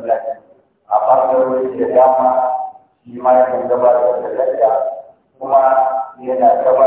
masallacin a ɓangarori da dama shi ma yakan gabatar da lacca kuma yana gabatar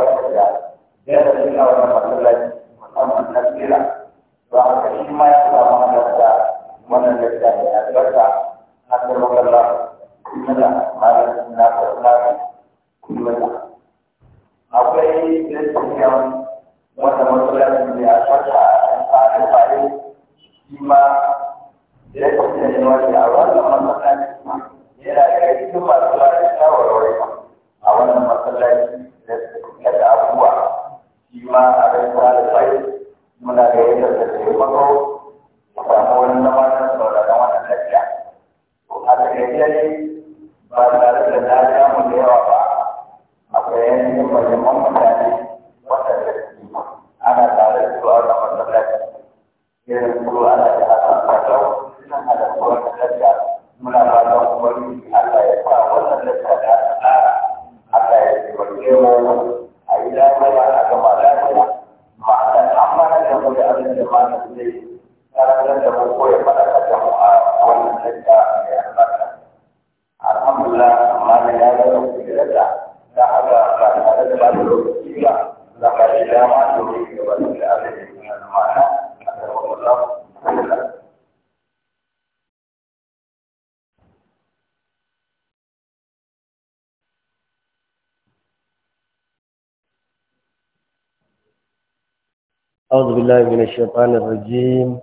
الشيطان الرجيم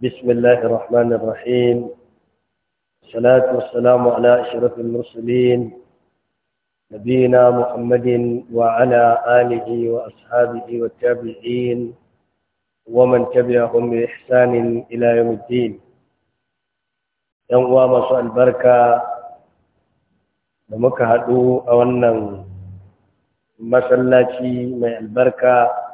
بسم الله الرحمن الرحيم الصلاة والسلام على أشرف المرسلين نبينا محمد وعلى آله وأصحابه والتابعين ومن تبعهم بإحسان إلى يوم الدين يوم مساء البركة لمكهدو أولا masallaci mai albarka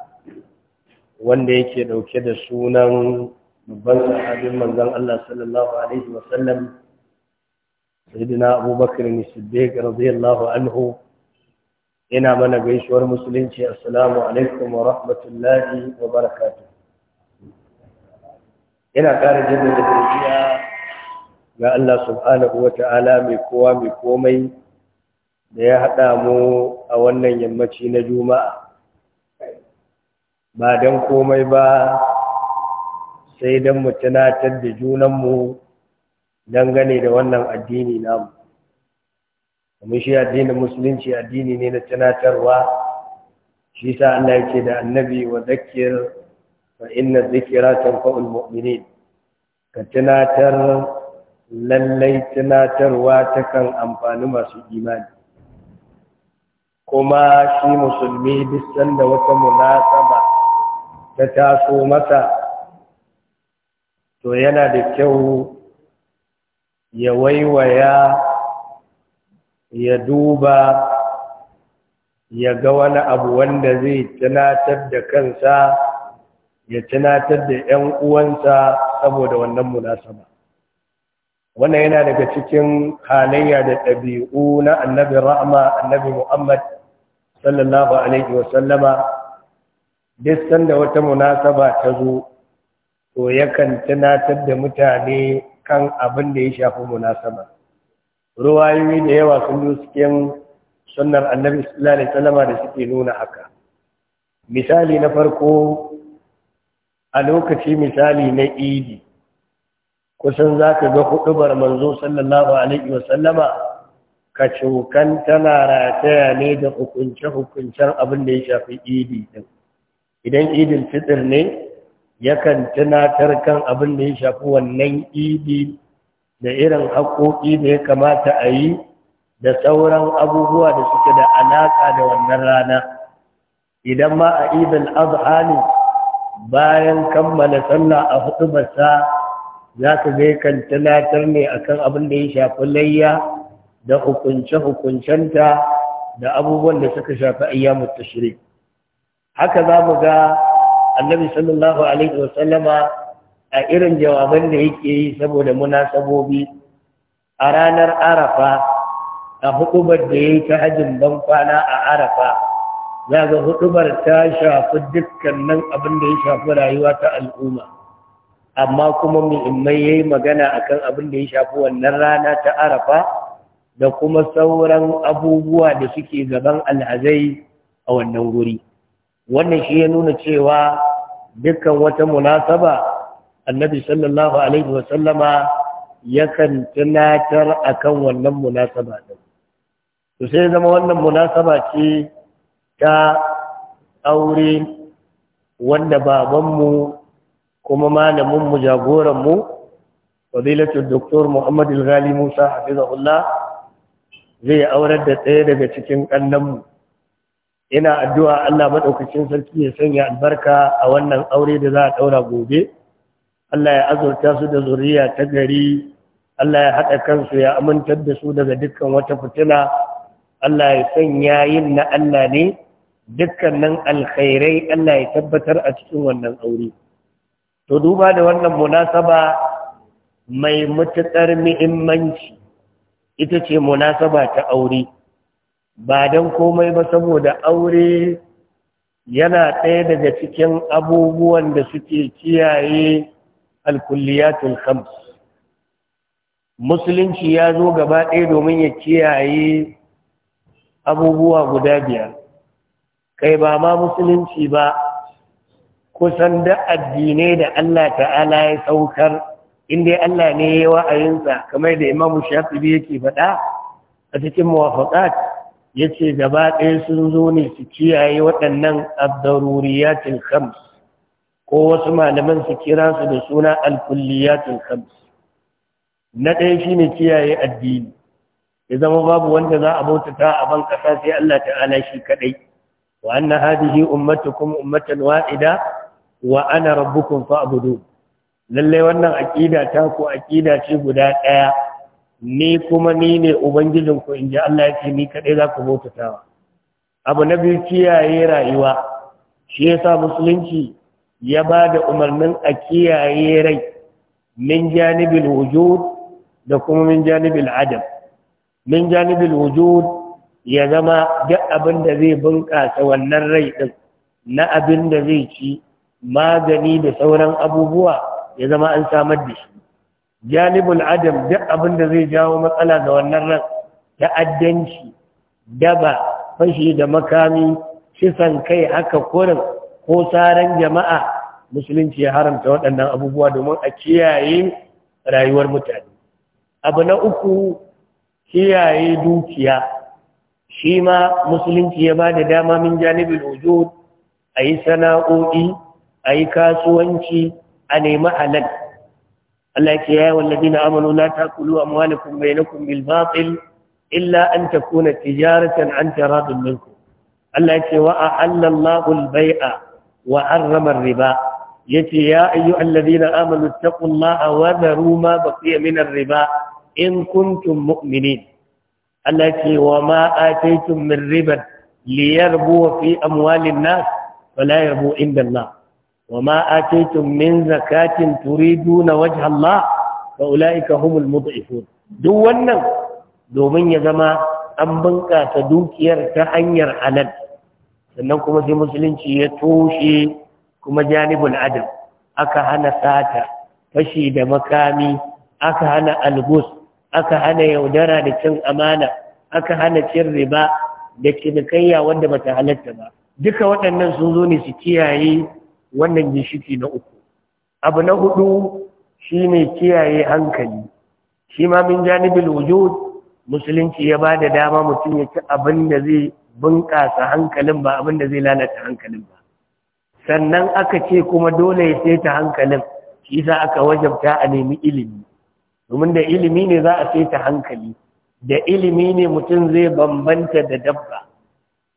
wanda yake dauke da sunan babban sahabin manzon Allah sallallahu alaihi wasallam sayyidina Abubakar as-Siddiq radiyallahu anhu yana mana gaisuwar musulunci assalamu alaikum wa rahmatullahi wa barakatuh yana ƙara jaddada godiya ga Allah subhanahu wa mai kowa mai komai da ya haɗa mu a wannan yammaci na juma'a ba don komai ba sai don mu tunatar da junanmu dangane da wannan addini namu kuma shi addinin musulunci addini ne na tunatarwa shi sa Allah yake da annabi wa zakir fa inna zikra tanfa'ul mu'minin ka tunatar lallai tunatarwa takan amfani masu imani kuma shi musulmi bisan da wata munasaba ta taso masa to yana da kyau ya waiwaya ya duba ya ga wani abu wanda zai tunatar da kansa ya tunatar da 'yan uwansa saboda wannan munasaba wannan yana daga cikin halayya da ɗabi'u na annabi rahama annabi muhammad sallallahu alaihi wasallama duk sanda wata munasaba ta zo to yakan tunatar da mutane kan abin da ya shafi munasaba ruwayoyi da yawa sun zo cikin sunnar annabi sallallahu alaihi wasallam da suke nuna haka misali na farko a lokaci misali na idi kusan za ka ga hudubar manzo sallallahu alaihi wasallama ka cokan tana rataya ne da hukunce-hukuncen abin da ya shafi idi idan idin fitsir ne yakan tunatar kan abin da ya shafi wannan idi da irin haƙoƙi da ya kamata a yi da sauran abubuwa da suke da alaƙa da wannan rana idan ma a idin adha bayan kammala sallah a basa, za ka ga yakan tunatar ne a kan abin da ya shafi layya da hukunce-hukuncenta da abubuwan da suka shafi ayyamu tashrik haka za mu ga annabi sallallahu alaihi wa sallama a irin jawaban da yake yi saboda munasabobi a ranar arafa a huɗubar da ya yi ta hajjin ban kwana a arafa za ga hukumar ta shafi dukkanin abin da ya shafi rayuwa ta al'umma amma kuma muhimman ya yi magana a kan abin da ya shafi wannan rana ta arafa da kuma sauran abubuwa da suke gaban alhazai a wannan guri. wannan shi ya nuna cewa dukkan wata munasaba annabi sallallahu alaihi wasallama yakan tunatar akan wannan munasaba din to sai zama wannan munasaba ce ta aure wanda babanmu kuma malaminmu jagoranmu fadilatul doktor Muhammadu ghali musa hafizahullah zai aurar da ɗaya daga cikin ƙannanmu ina addu'a Allah maɗaukacin sarki ya sanya albarka a wannan aure da za a ɗaura gobe Allah ya azurta su da zuriya ta gari Allah ya haɗa kansu ya amintar da su daga dukkan wata fitina Allah ya sanya yin na Allah ne dukkanin alkhairai Allah ya tabbatar a cikin wannan aure to duba da wannan munasaba mai matuƙar muhimmanci ita ce munasaba ta aure ba don komai ba saboda aure yana ɗaya daga cikin abubuwan da suke kiyaye alkulliyatul khams musulunci ya zo gaba ɗaya domin ya kiyaye abubuwa guda biyar kai ba ma musulunci ba kusan da addinai da Allah ta'ala ya saukar inda Allah ne ya wa'ayinsa kamar da imamu shafi yake faɗa a cikin muwafaƙat ya ce gaba ɗaya sun zo ne su kiyaye waɗannan abdaruriyatin khams ko wasu malaman su kira su da suna alkulliyatin khams na ɗaya shi ne kiyaye addini ya zama babu wanda za a bautata a ban ƙasa sai Allah ta'ala shi kaɗai wa anna hadihi ummatukum ummatan wa'ida wa ana rabbukum fa'budun lalle wannan aƙida ta ko aƙida ce guda ɗaya ni kuma ni ne ubangijinku in ji Allah ya ce ni kaɗai za ku bautatawa abu na biyu kiyaye rayuwa shi yasa musulunci ya ba da umarnin a kiyaye rai min janibil wujud da kuma min janibil adam min janibil wujud ya zama duk abin da zai bunƙasa wannan rai ɗin na abin da zai ci magani da sauran abubuwa ya zama an samar da shi janibul adam duk abin da zai jawo matsala ga wannan ran ta'addanci daba fashi da makami kisan kai haka kurin ko saran jama'a musulunci ya haramta waɗannan abubuwa domin a kiyaye rayuwar mutane abu na uku kiyaye dukiya shi ma musulunci ya ba da dama min janibin wujud a yi sana'o'i a yi kasuwanci a nemi nan. Allah yake ya walladina amanu la taqulu amwalakum bainakum bil batil illa an kuna tijaratan an rabin minkum Allah yake wa ahalla Allahu al bai'a wa ramar riba yace ya ayyuhal ladina amanu taqullaha wa dharu ma baqiya min riba in kuntum mu'minin Allah yake wa ma ataytum min liyar liyarbu fi amwalin nas fala yarbu inda Allah wa ma ataytum min zakatin turiduna wajha Allah fa ulaika humul mud'ifun duk wannan domin ya zama an bunƙasa dukiyar ta hanyar halal sannan kuma sai musulunci ya toshe kuma janibul adam aka hana sata fashi da makami aka hana algus aka hana yaudara da cin amana aka hana cin riba da kinikayya wanda bata halarta ba duka waɗannan sun zo ne su kiyaye wannan gishiki na uku abu na hudu shi shine kiyaye hankali shi ma min janibin wujud musulunci ya ba da dama mutum ya ci abin da zai bunƙasa hankalin ba abin da zai lalata hankalin ba sannan aka ce kuma dole ya saita hankalin shi sa aka wajabta a nemi ilimi domin da ilimi ne za a saita hankali da ilimi ne mutum zai bambanta da dabba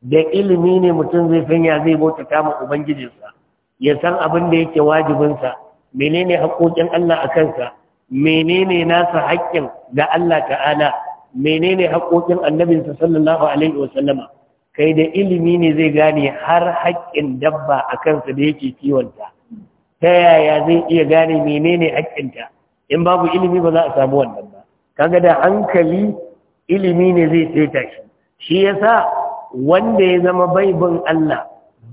da ilimi ne mutum zai fanya zai bauta ma ubangijinsa ya san abin da yake wajibinsa menene haƙoƙin Allah a kansa menene nasa haƙƙin ga Allah ta'ala menene haƙoƙin annabinsa sallallahu alaihi sallama kai da ilimi ne zai gane har haƙƙin dabba a kansa da yake kiwonta ta yaya zai iya gane menene haƙƙinta in babu ilimi ba za a samu wannan ba kaga da hankali ilimi ne zai saita shi shi yasa wanda ya zama bai Allah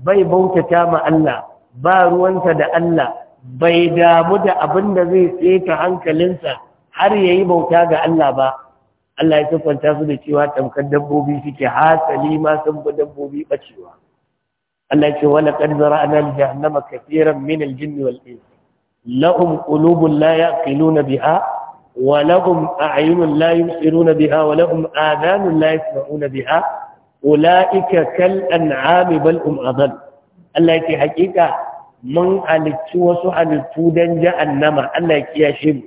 bai bautata ma Allah ba ruwansa da Allah bai damu da abin da zai tseta hankalinsa har ya yi bauta ga Allah ba Allah ya siffanta su da cewa tamkar dabbobi suke hasali ma sun bi dabbobi bacewa Allah ya ce wani qad zara'na jahannama kafiran min al wal ins lahum qulubun la yaqiluna biha wa lahum a'yunun la biha wa lahum adhanun la yasma'una biha ulaika kal an'ami bal hum adall Allah yake hakika mun halicci wasu halittu dan jahannama Allah ya kiyashe mu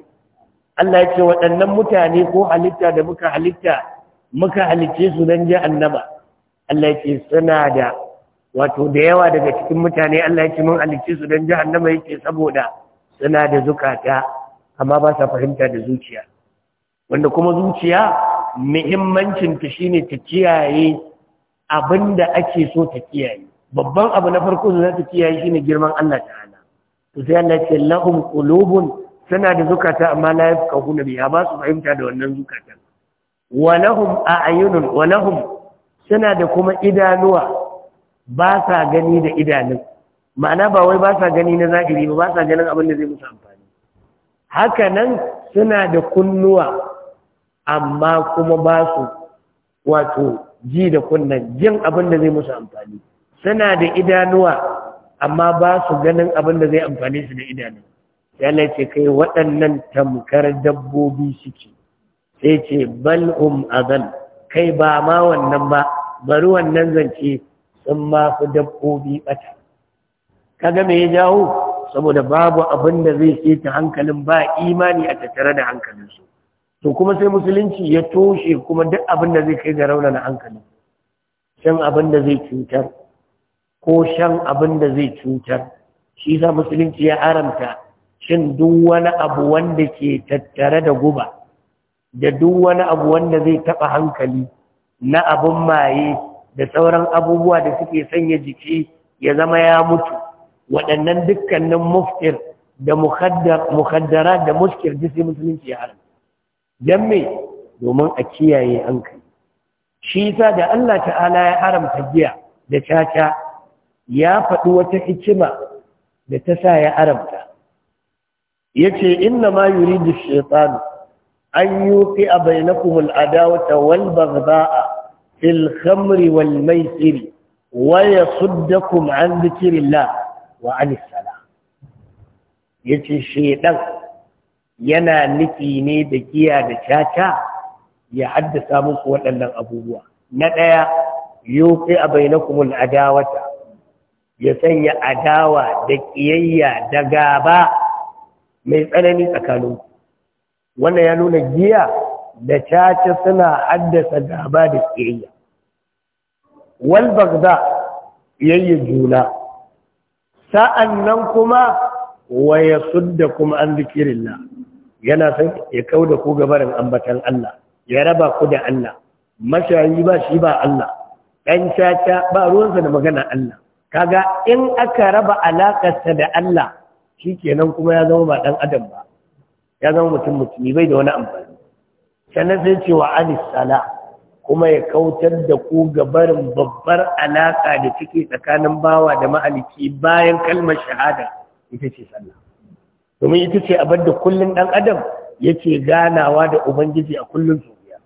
Allah ya ce waɗannan mutane ko halitta da muka halitta muka halicce su dan jahannama Allah ya ce suna da wato da yawa daga cikin mutane Allah ya ce mun halicce su dan jahannama yake saboda suna da zukata amma ba sa fahimta da zuciya wanda kuma zuciya muhimmancin ta shine ta kiyaye abinda ake so ta kiyaye babban abu na farko da za su kiyaye shine girman Allah ta'ala to sai Allah ce lahum qulubun suna da zukata amma la yafqahuna biha ba su fahimta da wannan zukatan wa lahum a'yunun wa lahum suna da kuma idanuwa ba sa gani da idanun ma'ana ba wai ba sa gani na zahiri ba ba sa ganin abin da zai musu amfani haka nan suna da kunnuwa amma kuma ba su wato ji da kunnan jin abin da zai musu amfani suna da idanuwa amma ba su ganin abin da zai amfani su da idanu yana ce kai waɗannan tamkar dabbobi suke sai ce bal'um azal kai ba ma wannan ba bari wannan zance sun ma fi dabbobi ɓata kaga me ya jawo saboda babu abin da zai seta hankalin ba imani a tattare da su. to kuma sai musulunci ya toshe kuma duk abin da zai kai ga raunana hankalin shan abin da zai cutar ko shan abin da zai cutar shi sa musulunci ya haramta shin duk wani abu wanda ke tattare da guba da duk wani abu wanda zai taɓa hankali na abin maye da sauran abubuwa da suke sanya jiki ya zama ya mutu waɗannan dukkanin muftir da mukaddara da muskir jisi musulunci ya haramta don me domin a kiyaye hankali shi sa da Allah ta'ala ya haramta giya da caca ya faɗi wata hikima da ta sa ya arabta yace inna ma yuridu shaytan an yuqi a al-adawata wal baghdha'a fil khamri wal maisiri wa yasuddakum an dhikrillah wa an as-salah yace shaytan yana nufi ne da giya da caca ya haddasa muku waɗannan abubuwa na ɗaya yuqi bainakum al-adawata ya sanya adawa da ƙiyayya da gaba mai tsanani tsakanin wannan ya nuna giya da caca suna haddasa gaba da ƙiyayya wal bagda ƙiyayya juna sa'an nan kuma waya sudda kuma an zikirillah yana son ya kau da ku gabarin ambatan Allah ya raba ku da Allah mashayi ba shi ba Allah ɗan caca ba ruwansa da magana Allah kaga in aka raba alaƙarsa da Allah shi kenan kuma ya zama ba ɗan adam ba ya zama mutum mutumi bai da wani amfani sannan sai ce wa alisala kuma ya kautar da ku gabarin babbar alaƙa da take tsakanin bawa da ma'aliki bayan kalmar shahada ita ce sallah domin ita ce abin da kullum ɗan adam yake ganawa da ubangiji a kullum zuriya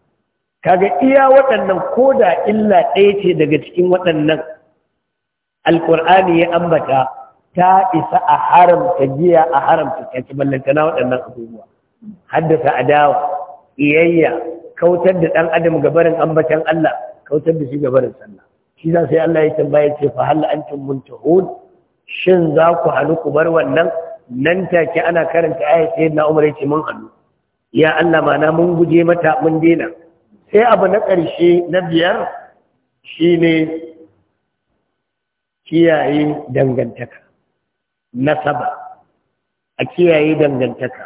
kaga iya waɗannan ko da illa ɗaya ce daga cikin waɗannan alƙur'ani ya ambata ta isa a haramta giya a haramta kyanci ballantana waɗannan abubuwa haddasa adawa iyayya kautar da ɗan adam gabarin ambatan Allah kautar da shi gabarin sallah shi za sai Allah ya tambaya ce fa hal antum muntahun shin za ku halu ku bar wannan nan take ana karanta ayat sayyidina Umar yace mun hannu ya Allah mana mun guje mata mun dena sai abu na ƙarshe na biyar shine kiyaye dangantaka nasaba a kiyaye dangantaka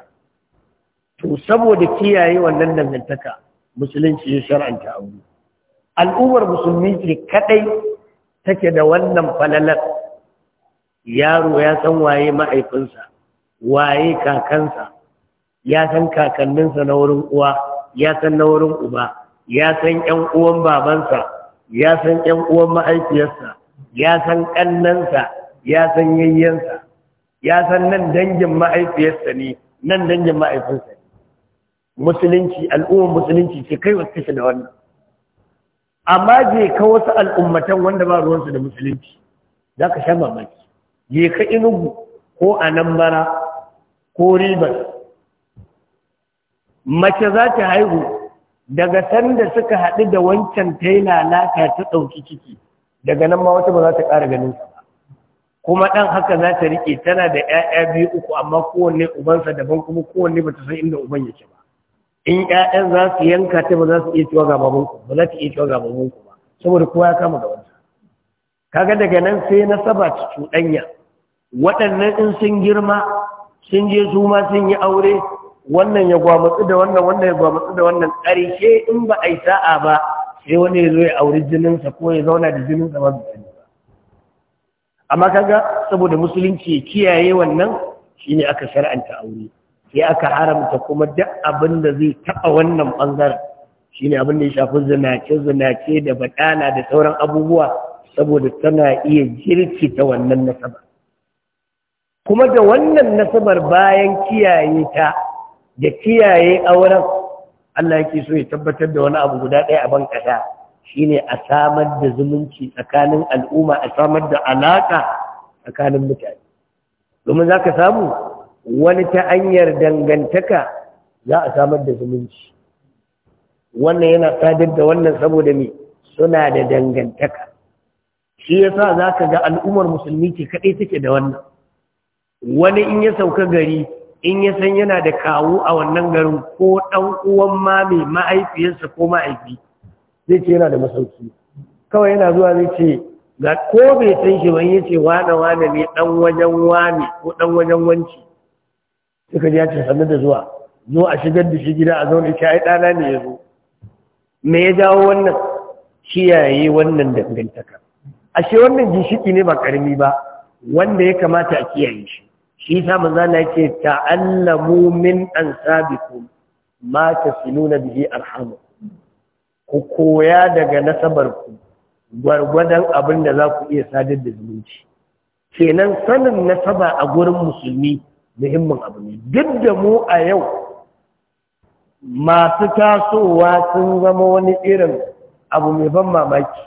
to saboda kiyaye wannan dangantaka musulunci ya shar'anta aure al'ummar musulmi ce kadai take da wannan falalar yaro ya san waye ma'aifinsa waye kakansa ya san kakanninsa na wurin uwa ya san na wurin uba ya san 'yan uwan babansa ya san 'yan uwan mahaifiyarsa ya san ƙannansa ya san yayyansa ya san nan dangin ma'aifiyarsa ne nan dangin mahaifinsa ne musulunci al'ummar musulunci ce kai wasu kashe da wannan amma je ka wasu al'ummatan wanda ba ruwansu da musulunci za ka sha mamaki je ka inugu ko a nan bara, ko ribar. mace za ta haihu daga sanda suka haɗu da wancan taila naka ta ɗauki ciki daga nan ma wata ba za ta ƙara ganin ba. kuma ɗan haka za ta riƙe tana da ‘ya'ya biyu uku amma kowanne ubansa daban kuma kowanne ba ta san inda uban yake ba in ‘ya'yan za su yanka ta ba za su iya cewa ga ku ba za ta iya cewa ga ku ba saboda kowa ya kama Ka kaga daga nan sai na saba ci cuɗanya waɗannan in sun girma sun je su ma sun yi aure wannan ya gwamutsu da wannan wannan ya gwamutsu da wannan ƙarshe in ba a yi sa'a ba sai wani ya zo ya auri jininsa ko ya zauna da jininsa ba su ba amma kaga saboda musulunci kiyaye wannan shine aka shar'anta aure sai aka haramta kuma duk abin da zai taɓa wannan ɓangaren shine abin da ya shafi zinace zinace da baɗana da sauran abubuwa saboda tana iya ta wannan nasaba kuma da wannan nasabar bayan kiyaye ta da kiyaye auren Allah yake so ya tabbatar da wani abu guda ɗaya a ban ƙasa ne a samar da zumunci tsakanin al'umma a samar da alaƙa tsakanin mutane domin za ka samu wani ta hanyar dangantaka za a samar da zumunci wannan yana sadar da wannan saboda me suna da dangantaka shi ya sa za ka ga al'ummar musulmi ke kaɗai take da wannan wani in ya sauka gari in ya san yana da kawo a wannan garin ko ɗan uwan mame ma'aifiyarsa ko ma'aifi zai ce yana da masauki kawai yana zuwa zai ce ga ko bai san shi ban yace wane wane ne ɗan wajen wane ko ɗan wajen wanci suka ji ya ce sannu da zuwa zo a shigar da shi gida a zaune shi ai ɗana ne ya zo me ya jawo wannan kiyaye wannan dangantaka ashe wannan ginshiki ne ba ƙarami ba wanda ya kamata a kiyaye shi shi ta manzana yake ta'allamu min ansabikum ma tasiluna bihi arhamu ku koya daga nasabarku gwargwadon abin da za ku iya sadar da zumunci kenan sanin nasaba a gurin musulmi muhimmin abu ne duk da mu a yau masu tasowa sun zama wani irin abu mai ban mamaki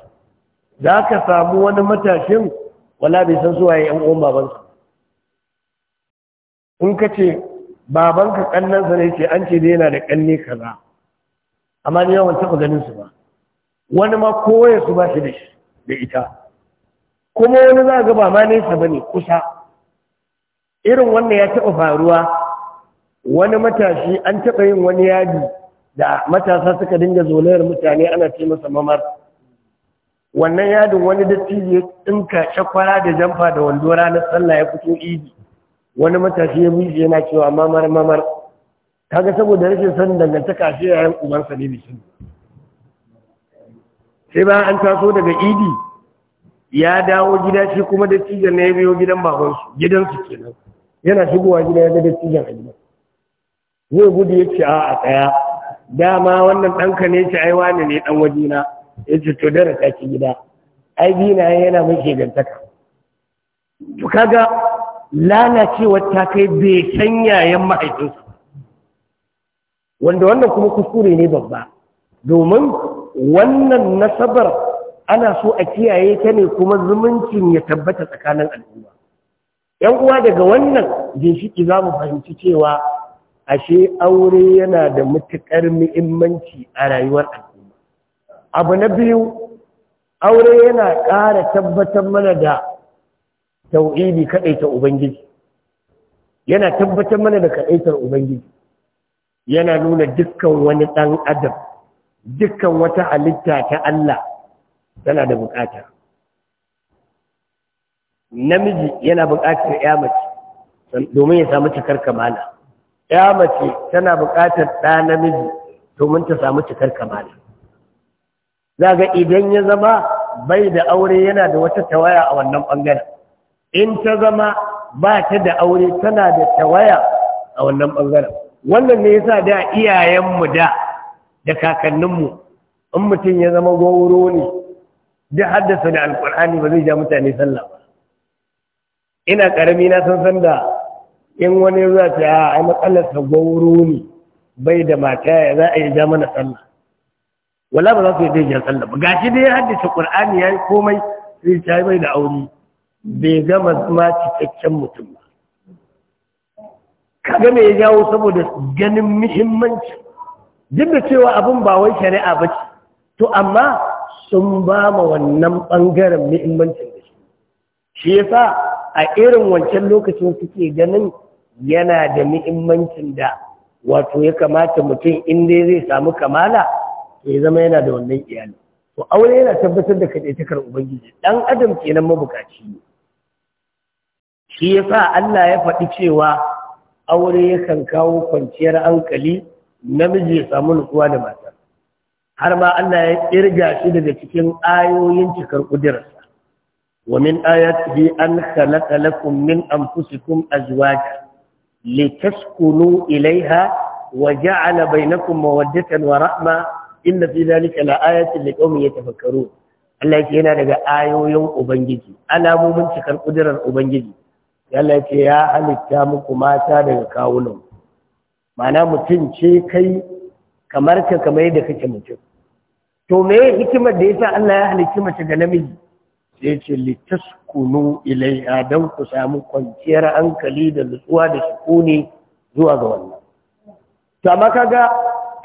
za ka samu wani matashin wala bai san suwaye yan uwan babansa in ka ce babanka kannansa ne ce an ce da yana da kanne kaza amma ni yawan taɓa ganin su ba wani ma kowaye su ba shi da shi da ita kuma wani za ga ba ma nesa ba ne kusa irin wannan ya taɓa faruwa wani matashi an taɓa yin wani yadi da matasa suka dinga zolayar mutane ana ce masa mamar wannan yadin wani dattijo ya tsinka shakwara da jamfa da wando ranar sallah ya fito idi wani matashi ya mishi yana cewa mamar mamar kaga saboda rashin sanin dangantaka shi yayin ubansa ne da shi sai ba an taso daga idi ya dawo gida shi kuma da na ya biyo gidan babansu gidansu kenan yana shigowa gida ya ga da a gida zai gudu ya ce a tsaya dama wannan ɗanka ne ce ai wani ne ɗan wajena ya ce to dara ta ci gida ai bina yana mai gantaka to kaga lalacewar ta kai bai san yayan mahaifinsa wanda wannan kuma kuskure ne babba domin wannan nasabar ana so a kiyaye ta ne kuma zumuncin ya tabbata tsakanin al'umma ‘yan uwa daga wannan ginshiki za mu fahimci cewa ashe aure yana da matuƙar muhimmanci a rayuwar al'umma abu na biyu aure yana ƙara tabbatar mana da tauhidi kadaita ubangiji yana tabbatar mana da kadaitar ubangiji yana nuna dukkan wani dan adam dukkan wata halitta ta Allah tana da bukata namiji yana bukatar ya mace domin ya samu cikar kamala ya mace tana buƙatar ɗa namiji domin ta samu cikar kamala za ga idan ya zama bai da aure yana da wata tawaya a wannan bangaren in ta zama ba ta da aure tana da tawaya a wannan ɓangaren wannan ne yasa da iyayenmu da da kakanninmu in mutum ya zama gwauro ne da haddasa da alkur'ani ba zai ja mutane sallah ba ina ƙarami na san san da in wani ya ta a ai matsalarsa gwauro ne bai da mata ya za a yi ja mana sallah wala ba za su yi dai ja sallah ba gashi dai ya haddasa ƙur'ani ya yi komai sai ta bai da aure bai gama zama cikakken mutum ba kaga mai ya jawo saboda ganin muhimmanci duk da cewa abin ba wai shari'a ba ce to amma sun ba ma wannan ɓangaren muhimmancin da shi shi yasa a irin wancan lokacin suke ganin yana da muhimmancin da wato ya kamata mutum inda zai samu kamala ya zama yana da wannan iyali to aure yana tabbatar da kaɗaitakar ubangiji ɗan adam kenan mabukaci ne shi yasa Allah ya faɗi cewa aure yakan kawo kwanciyar hankali namiji ya samu nutsuwa da mata har ma Allah ya kirga shi daga cikin ayoyin cikar kudirarsa wa min ayatihi an khalaqa lakum min anfusikum azwaja litaskunu ilaiha wa ja'ala bainakum mawaddatan wa rahma inna fi dhalika laayatin liqaumin yatafakkarun Allah yake yana daga ayoyin ubangiji alamomin cikar kudirar ubangiji yalla ce ya halitta muku mata daga kawunan mana mutum ce kai kamar ka kamar yadda kake mutum to me hikimar da yasa Allah ya halicci mace ga namiji sai ce litaskunu ilaiha dan ku samu kwanciyar hankali da nutsuwa da sukuni zuwa ga wannan to amma kaga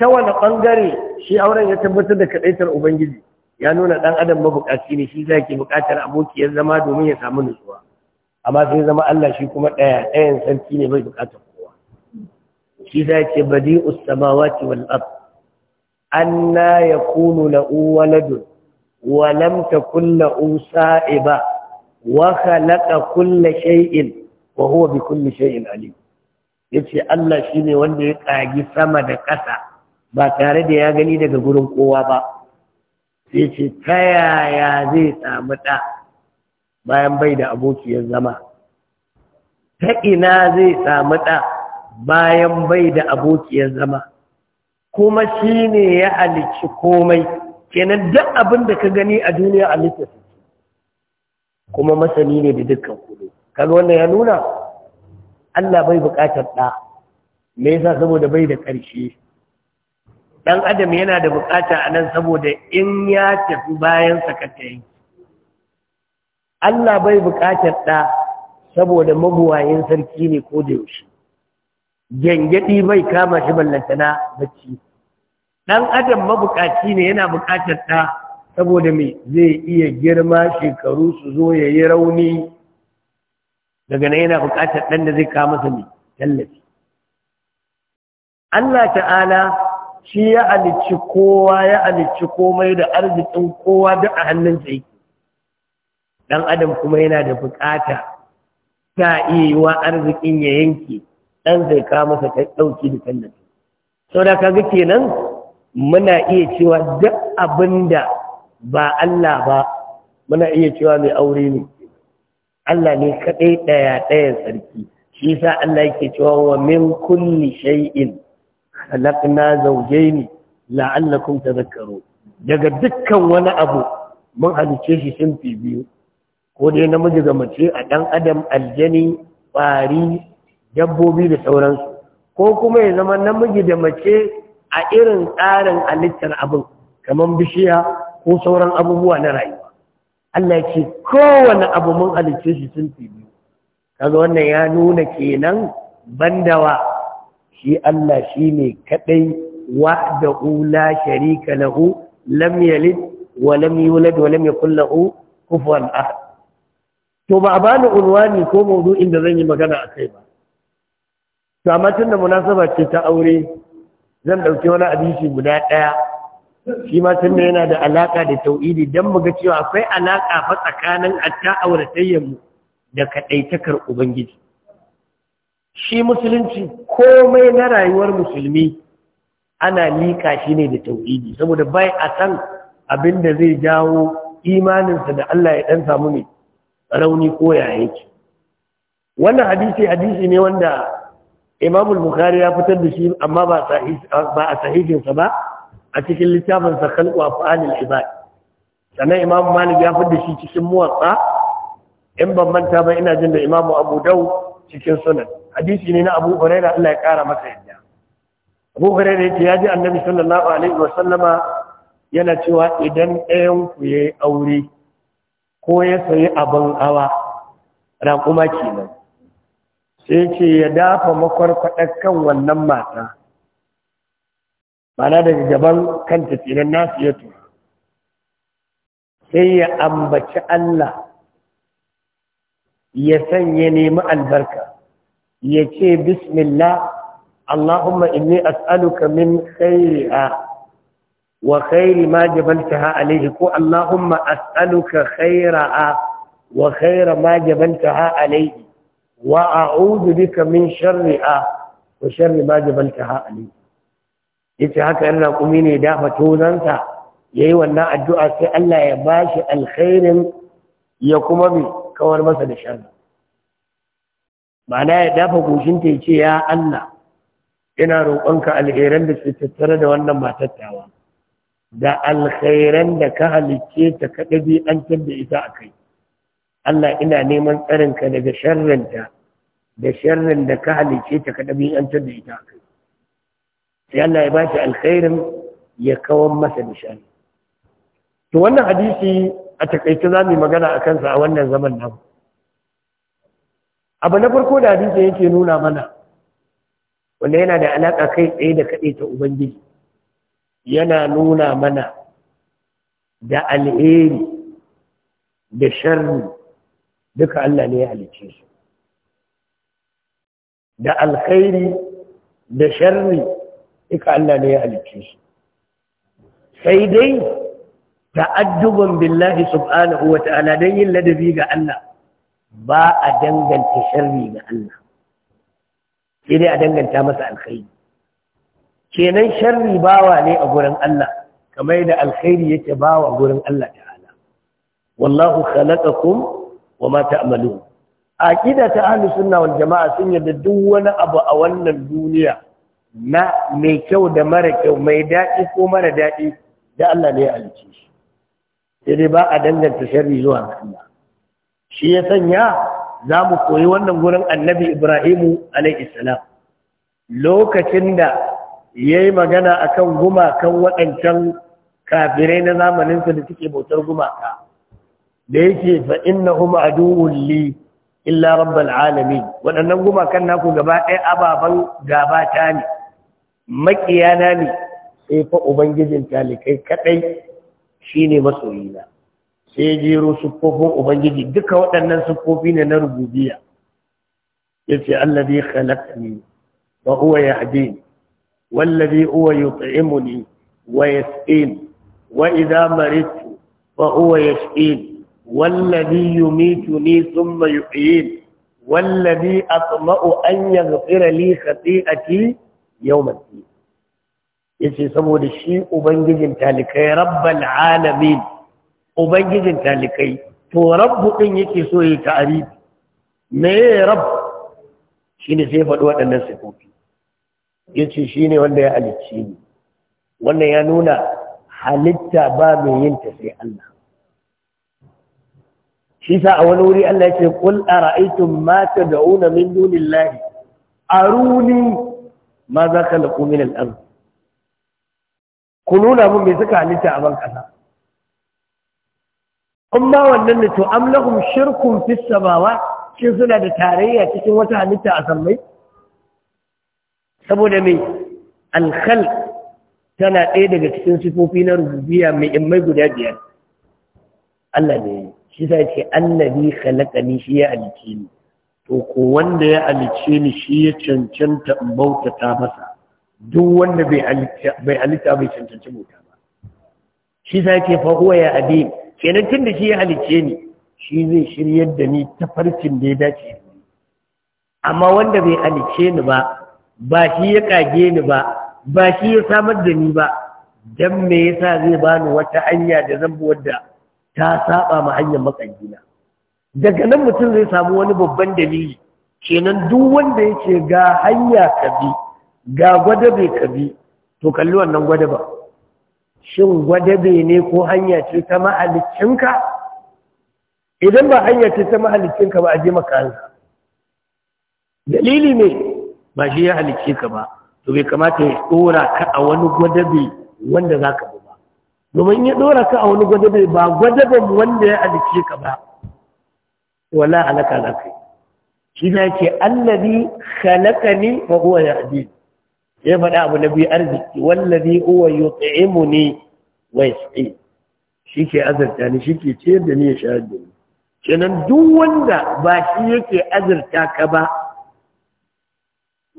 ta wani bangare shi auren ya tabbatar da kadaitar ubangiji ya nuna dan adam mabukaci ne shi zaki bukatar abokiyar zama domin ya samu nutsuwa amma sai zama Allah shi kuma ɗaya ɗayan sarki ne mai bukatar kowa shi za ce badi ustamawati wal ab anna yakunu na waladun wa lam takul lahu sa'iba wa khalaqa kulla shay'in wa huwa bi kulli shay'in alim yace Allah shine wanda ya kagi sama da ƙasa ba tare da ya gani daga gurin kowa ba sai ce ta yaya zai samu ɗa bayan bai da abokiyar zama ta ina zai samu ɗa bayan bai da abokiyar zama kuma shi ne ya halicci komai kenan duk abin da ka gani a duniya a littafi kuma masani ne da dukkan kudu kaga wannan ya nuna Allah bai buƙatar ɗa me yasa saboda bai da ƙarshe ɗan adam yana da buƙata a nan saboda in ya tafi bayan sakatayi Allah bai buƙatar ɗa saboda mabuwayin sarki ne ko da yaushe gyangyaɗi bai kama shi na bacci ɗan adam mabuƙaci ne yana buƙatar ɗa saboda mai zai iya girma shekaru su zo ya yi rauni daga nan yana buƙatar ɗan da zai kawo masa mai tallafi Allah ta'ala shi ya halicci kowa ya halicci komai da arzikin kowa duk a hannunsa yake ɗan adam kuma yana da buƙata ta iya yi wa arzikin ya yanke ɗan zai kawo masa ta ɗauki da tallafi sau da kaga kenan muna iya cewa duk abin ba Allah ba muna iya cewa mai aure ne Allah ne kaɗai ɗaya ɗayan sarki shi sa Allah yake cewa wa min kulli shay'in khalaqna zawjayn la'allakum tadhakkarun daga dukkan wani abu mun halice shi sun biyu ko dai namiji ga mace a ɗan adam aljani ƙwari dabbobi da sauransu ko kuma ya zama namiji da mace a irin tsarin halittar abin kamar bishiya ko sauran abubuwa na rayuwa Allah ce kowane abu mun halicce shi sun fi kaga wannan ya nuna kenan bandawa shi Allah shi shine kadai da ula sharika lahu lam yalid wa lam yulad wa lam yakul lahu kufuwan ahad to ba a bani unwani ko maudu'in da zan yi magana a kai ba to amma da munasaba ce ta aure zan ɗauki wani abinci guda ɗaya shi ma da yana da alaƙa da tauhidi don mu ga cewa akwai alaƙa fa tsakanin atta auratayyar mu da kaɗaitakar ubangiji shi musulunci komai na rayuwar musulmi ana liƙa shi ne da tauhidi saboda bai a san abin da zai jawo imaninsa da Allah ya ɗan samu ne rauni ko ya yake wannan hadisi hadisi ne wanda imam bukhari ya fitar da shi amma ba a sahihinsa ba a cikin littafin sa khalqu af'alil ibad sannan imam malik ya fitar da shi cikin muwatta in ban manta ba ina jin da imam abu dau cikin sunan hadisi ne na abu hurairah Allah ya kara masa yadda abu hurairah yace ya ji annabi sallallahu alaihi wa sallama yana cewa idan ɗayan ku yayi aure ko ya sayi abin awa, hawa kuma kenan sai ce ya dafa makwarkwaɗar kan wannan mata mana daga gaban kanta tsinan nasu ya tura sai ya ambaci Allah ya sanya nemi albarka ya ce bismillah Allahumma inni as'aluka min khairiha wa khairi ma jabaltaha alayhi ko Allahumma as'aluka khairaha wa khaira ma jabaltaha alayhi wa a'udhu bika min sharriha wa sharri ma jabaltaha alayhi yace haka yana kumi ne dafa tozansa yayi wannan addu'a sai Allah ya bashi alkhairin ya kuma bi kawar masa da sharri ma'ana ya dafa goshinta ya ce ya Allah ina roƙonka alheran da su tattare da wannan matattawa da alkhairan da ka halicce ta ka ɗabi'antar da ita a kai Allah ina neman tsarinka daga sharrinta da sharrin da ka halicce ta ka ɗabi'antar da ita a kai sai Allah ya ba shi alkhairin ya kawar masa da shari to wannan hadisi a takaice za mu magana a kansa a wannan zaman nan abu na farko da hadisi yake nuna mana wanda yana da alaƙa kai tsaye da kaɗai ta ubangiji yana nuna mana da alheri da sharri duka Allah ne ya halice su da alkhairi da sharri duka Allah ne ya halice su sai dai ta'addubun billahi subhanahu wa ta'ala dan yin ladabi ga Allah ba a danganta sharri ga Allah sai dai a danganta masa alkhairi kenan sharri bawa ne a gurin Allah kamar da alkhairi yake bawa gurin Allah ta'ala wallahu khalaqakum wama ta'malun aqida ta ahli sunna wal jamaa sun yadda duk wani abu a wannan duniya na mai kyau da mara kyau mai daɗi ko mara daɗi da Allah ne ya halice shi sai dai ba a danganta sharri zuwa ga Allah shi ya sanya za mu koyi wannan gurin annabi Ibrahimu alaihi salam lokacin da ya yi magana a kan gumakan waɗancan kafirai na zamaninsa da suke bautar gumaka da yake fa na huma duhun li illa rabbal waɗannan gumakan naku gaba ɗaya ababen gaba ta ne makiyana ne sai fa ubangijin talikai kaɗai shine masoyina sai ya jero siffofin ubangiji duka waɗannan siffofi ne na rububiya ya ce allazi khalaqani wa huwa yahdini والذي هو يطعمني ويسقين وإذا مرضت فهو يشقين والذي يميتني ثم يحيين والذي أطمع أن يغفر لي خطيئتي يوم الدين yace saboda shi ubangijin talikai rabbal ubangijin talikai to rabbu ɗin yake so ya ta'arifi me rabb shine sai faɗi waɗannan sifofi ya ce shi ne wanda ya halicci ni wannan ya nuna halitta ba mai yin ta sai Allah shi sa a wani wuri Allah ya ce qul ara'aytum ma tad'una min dunillahi aruni ma za ka laku min al ku nuna mun me suka halitta a ban kasa amma wannan ne to am lahum shirkun fis samawat shin suna da tarayya cikin wata halitta a sammai saboda mai alkal tana ɗaya daga cikin sifofi na rububiya mai mai guda biyar Allah ne shi sa ce annabi khalaqani shi ya alice ni to ko wanda ya alice ni shi ya cancanta in ta masa duk wanda bai alice bai cancanci bauta ba shi sa ce fa huwa ya abi kenan tun da shi ya alice ni shi zai shiryar da ni ta farcin da ya dace amma wanda bai alice ni ba ba shi ya kage ni ba ba shi ya samar da ni ba dan me yasa zai bani wata hanya da zan bi wadda ta saba ma hanyar makangina daga nan mutum zai samu wani babban dalili kenan duk wanda yake ga hanya ka bi ga gwadabe ka bi to kalli wannan gwadaba shin gwadabe ne ko hanya ce ta mahaliccinka idan ba hanya ce ta mahaliccinka ba a je maka dalili ne ba shi ya halicce ka ba to bai kamata ya dora ka a wani gwadabe wanda za ka ba domin ya dora ka a wani gwadabe ba gwadaben wanda ya halicce ka ba wala alaka za ka yi shi na ke allabi halaka wa huwa yahdi ya faɗa abu na biyu arziki wallazi Uwa yut'imuni wa yasqi shi ke azarta ni shi ke ciyar da ni ya shayar da ni kenan duk wanda ba shi yake azarta ka ba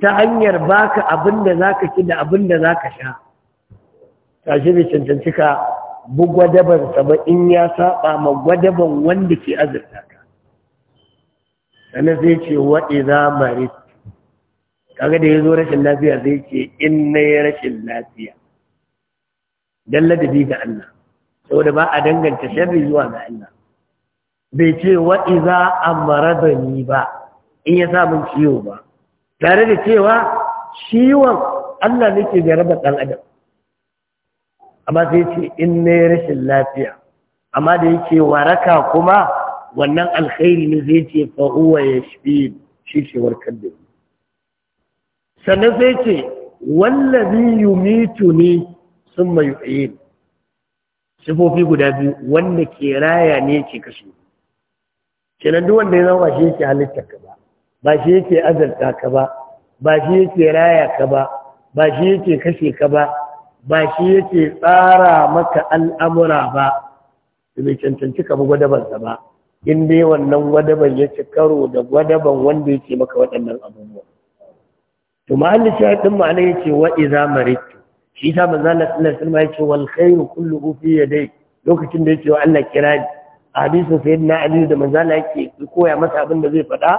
ta hanyar baka abin da za ka ci da abin da za ka sha shi bai cancanci ka bu gwadabansa ba in ya saba ma gwadaban wanda ke azurta ka sannan sai ce waɗe za marit kaga da ya zo rashin lafiya zai ce in na yi rashin lafiya don ladabi ga Allah saboda ba a danganta shari zuwa ga Allah bai ce waɗe za a ni ba in ya samun ciwo ba tare da cewa ciwon Allah ne ke jaraba ɗan adam amma sai ce in ne rashin lafiya amma da yake waraka kuma wannan alkhairi ne zai ce fa'uwa ya yashfi shi ce warkar da ni sannan sai ce ne sun summa yuhyini sifofi guda biyu wanda ke raya ne ke kashe kenan duk wanda ya zama shi yake halittar ka ba shi yake azalta ka ba ba shi yake raya ka ba ba shi yake kashe ka ba ba shi yake tsara maka al'amura ba bai cancanci ka bi gwadabansa ba in dai wannan gwadaban ya ci karo da gwadaban wanda ya ce maka waɗannan abubuwa to ma'alli shahidin ma'ana ce wa idza maritu shi ta manzo Allah sallallahu alaihi ya ce wal khairu ufi ya dai lokacin da ya ce wa Allah a hadisin sayyidina Ali da manzo Allah yake koya masa abin da zai faɗa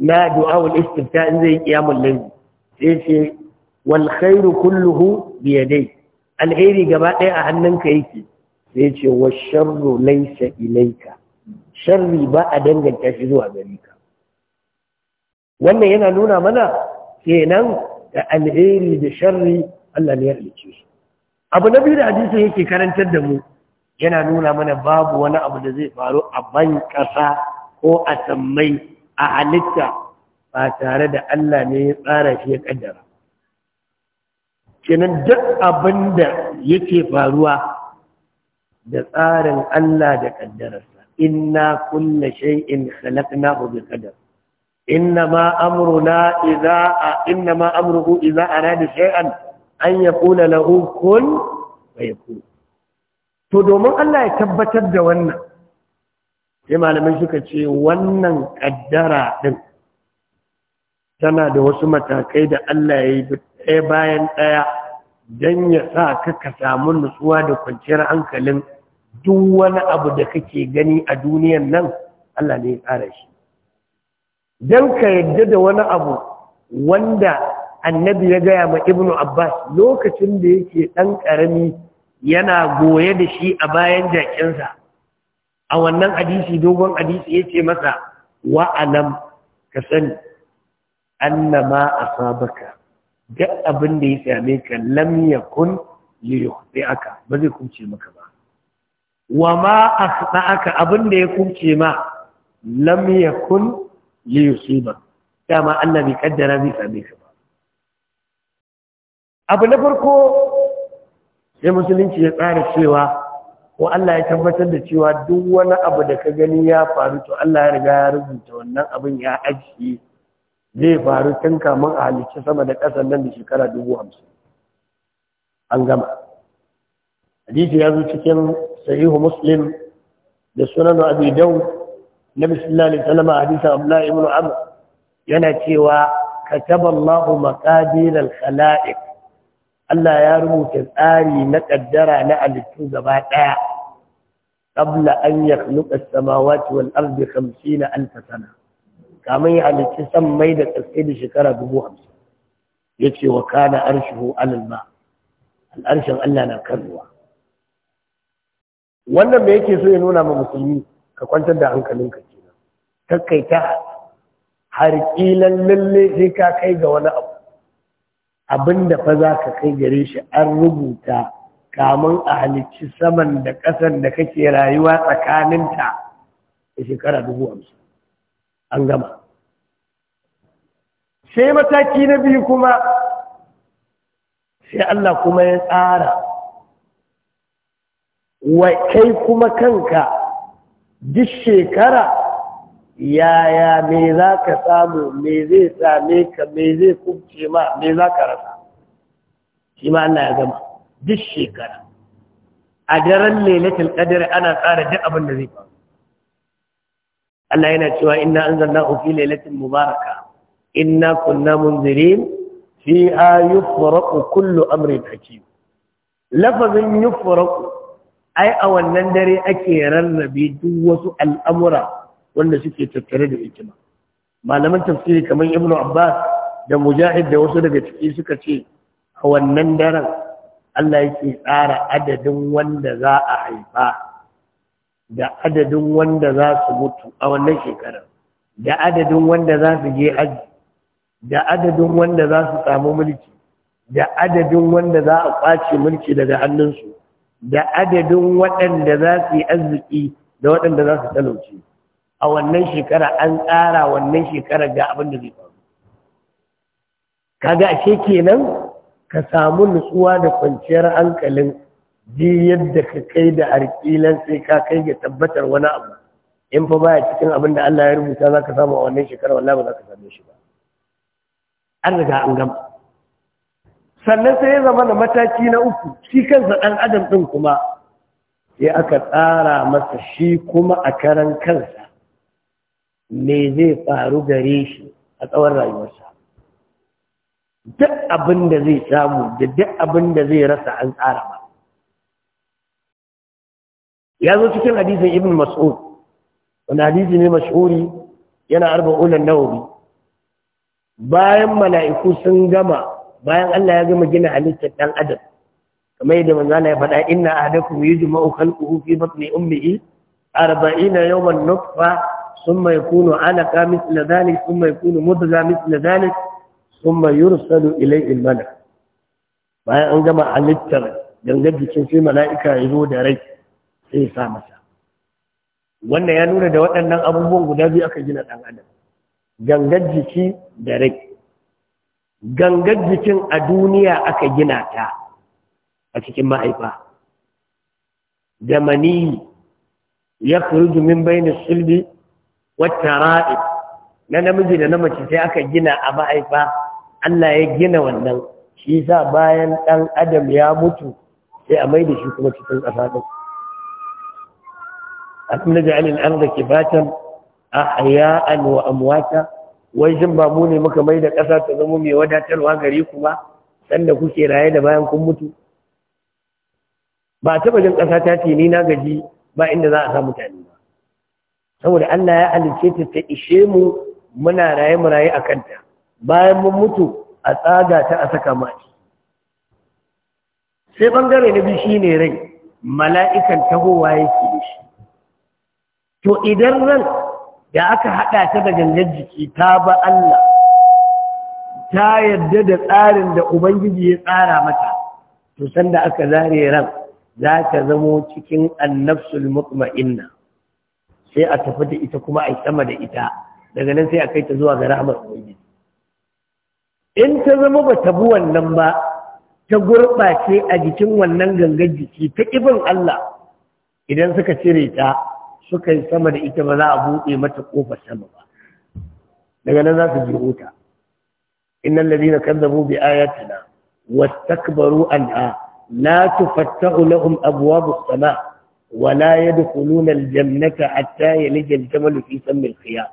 na wal istifta in zai kiyamul layl sai ce wal khairu kulluhu bi yadayk alheri gaba ɗaya a hannunka yake sai ce wa sharru laysa ilayka sharri ba a danganta shi zuwa gare ka wannan yana nuna mana kenan da alheri da sharri Allah ne ya halice shi. abu na biyu da hadisi yake karantar da mu yana nuna mana babu wani abu da zai faru a ban ƙasa ko a sammai a halitta ba tare da Allah ne ya tsara shi ya kaddara kenan duk abin da yake faruwa da tsarin Allah da kaddararsa inna kulla shay'in khalaqnahu bi qadar inna ma amruna idza inna ma amruhu idza arada shay'an an yaqula lahu kun fayakun to domin Allah ya tabbatar da wannan sai malamai suka ce wannan kaddara din tana da wasu matakai da Allah ya yi ɗaya bayan ɗaya don ya sa ka ka samu nutsuwa da kwanciyar hankalin duk wani abu da kake gani a duniyan nan Allah ne ya tsara shi don ka yarda da wani abu wanda annabi ya gaya ma ibnu abbas lokacin da yake ɗan ƙarami yana goye da shi a bayan jakinsa a wannan hadisi dogon hadisi yace masa wa alam ka sani annama asabaka da abin da ya same ka lam yakun li yukhti'aka ba zai kumce maka ba wa ma akhta'aka abin da ya kumce ma lam yakun li yusiba kama Allah bai kaddara zai same ka ba abu na farko sai musulunci ya tsara cewa ko Allah ya tabbatar da cewa duk wani abu da ka gani ya faru to Allah ya riga ya rubuta wannan abin ya ajiye zai faru tun kamun a halicci sama da ƙasar nan da shekara dubu hamsin an gama hadisi ya zo cikin sahihu muslim da sunan abi na bismillah Salama, wasallam hadisi abdullahi ibn amr yana cewa kataballahu maqadir al-khalaiq Allah ya rubuta tsari na ƙaddara na halittu gaba ɗaya qabla an yakhluqa as-samawati wal ardi 50 alf kamin ya halicci sammai da ƙasai da shekara dubu hamsin ya ce wa kana arshihu alal ma al'arshin Allah na kan ruwa wannan me yake so ya nuna ma musulmi ka kwantar da hankalinka kenan takkaita har lalle sai ka kai ga wani abu abinda fa za ka kai gare shi an rubuta kamun a halicci saman da ƙasan da kake rayuwa tsakaninta da shekara dubu hamsin an gama sai mataki na biyu kuma sai Allah kuma ya tsara wa kai kuma kanka duk shekara yaya me za ka samu me zai same ka me zai kubce ma me za ka rasa shi ma Allah ya gama duk shekara a daren lailatul qadr ana tsara duk abin da zai faru Allah yana cewa inna anzalnahu fi lailatin mubaraka inna kunna munzirin fiha yufraqu kullu amrin hakim lafazin yufraqu ai a wannan dare ake rarrabe duk wasu al'amura wanda suke tattare da hikima malaman tafsiri kamar ibnu abbas da mujahid da wasu daga ciki suka ce a wannan daren Allah yake tsara adadin wanda za a haifa da adadin wanda za su mutu a wannan shekarar da adadin wanda za su je aji da adadin wanda za su samu mulki da adadin wanda za a kwace mulki daga hannunsu da adadin waɗanda za su yi arziki da waɗanda za su talauce a wannan shekara an tsara wannan shekara ga abin da zai faru kaga ashe kenan ka samu nutsuwa da kwanciyar hankalin ji yadda ka kai da arkilan sai ka kai ga tabbatar wani abu in fa baya cikin abin da Allah ya rubuta za ka samu a wannan shekarar wallahi ba za ka same shi ba an riga an gama sannan sai ya zama da mataki na uku shi kansa ɗan adam ɗin kuma sai aka tsara masa shi kuma a karan kansa me zai faru gare shi a tsawon rayuwarsa duk abin da zai samu da duk abin da zai rasa an tsara ba ya zo cikin hadisin ibn mas'ud wani hadisi ne mashhuri yana ulan nawawi bayan mala'iku sun gama bayan Allah ya gama gina halittar ɗan adam kamar yadda manzo Allah ya faɗa inna ahadakum yujma'u khalquhu fi batni ummihi 40 yawman nutfa thumma yakunu alaqa mithla dhalik thumma yakunu mudghah mithla dhalik summa yursalu ilai al bayan an gama halittar ganga jikin sai mala'ika ya zo da rai sai ya sa masa wannan ya nuna da waɗannan abubuwan guda biyu aka gina ɗan adam gangar jiki da rai gangar jikin a duniya aka gina ta a cikin ma'aifa da maniyi ya furuju bai bayanin sulbi wata ra'i na namiji da na mace sai aka gina a ma'aifa Allah ya gina wannan shi sa bayan ɗan adam ya mutu sai a mai da shi kuma cikin ƙasa ɗin akwai da jami'in an da ke batan a haya'an wa amwata wai shin ba mu ne muka mai da ƙasa ta zama mai wadatarwa gari kuma sanda kuke raye da bayan kun mutu ba taɓa jin ƙasa ta ce ni na gaji ba inda za a sa mutane ba saboda Allah ya halicce ta ta ishe mu muna raye mu raye a kanta bayan mun mutu a tsaga ta a saka maki sai bangare na biyu ne rai mala'ikan tahowa yake da shi to idan ran da aka haɗa ta da gangan jiki ta ba Allah ta yadda da tsarin da Ubangiji ya tsara mata to sanda aka zare ran za ta zamo cikin annafsul mutma'inna sai a tafi da ita kuma a sama da ita daga nan sai a kai ta zuwa ga rahmar Ubangiji in ta zama ba ta bi wannan ba ta gurɓace a jikin wannan gangar jiki ta ƙibin Allah idan suka cire ta suka yi sama da ita ba za a buɗe mata ƙofar sama ba daga nan za su je wuta innal ladina kazzabu bi ayatina wastakbaru anha la tufattahu lahum abwabu as-sama wa la yadkhuluna al-jannata hatta yalija al-jamalu fi sammi al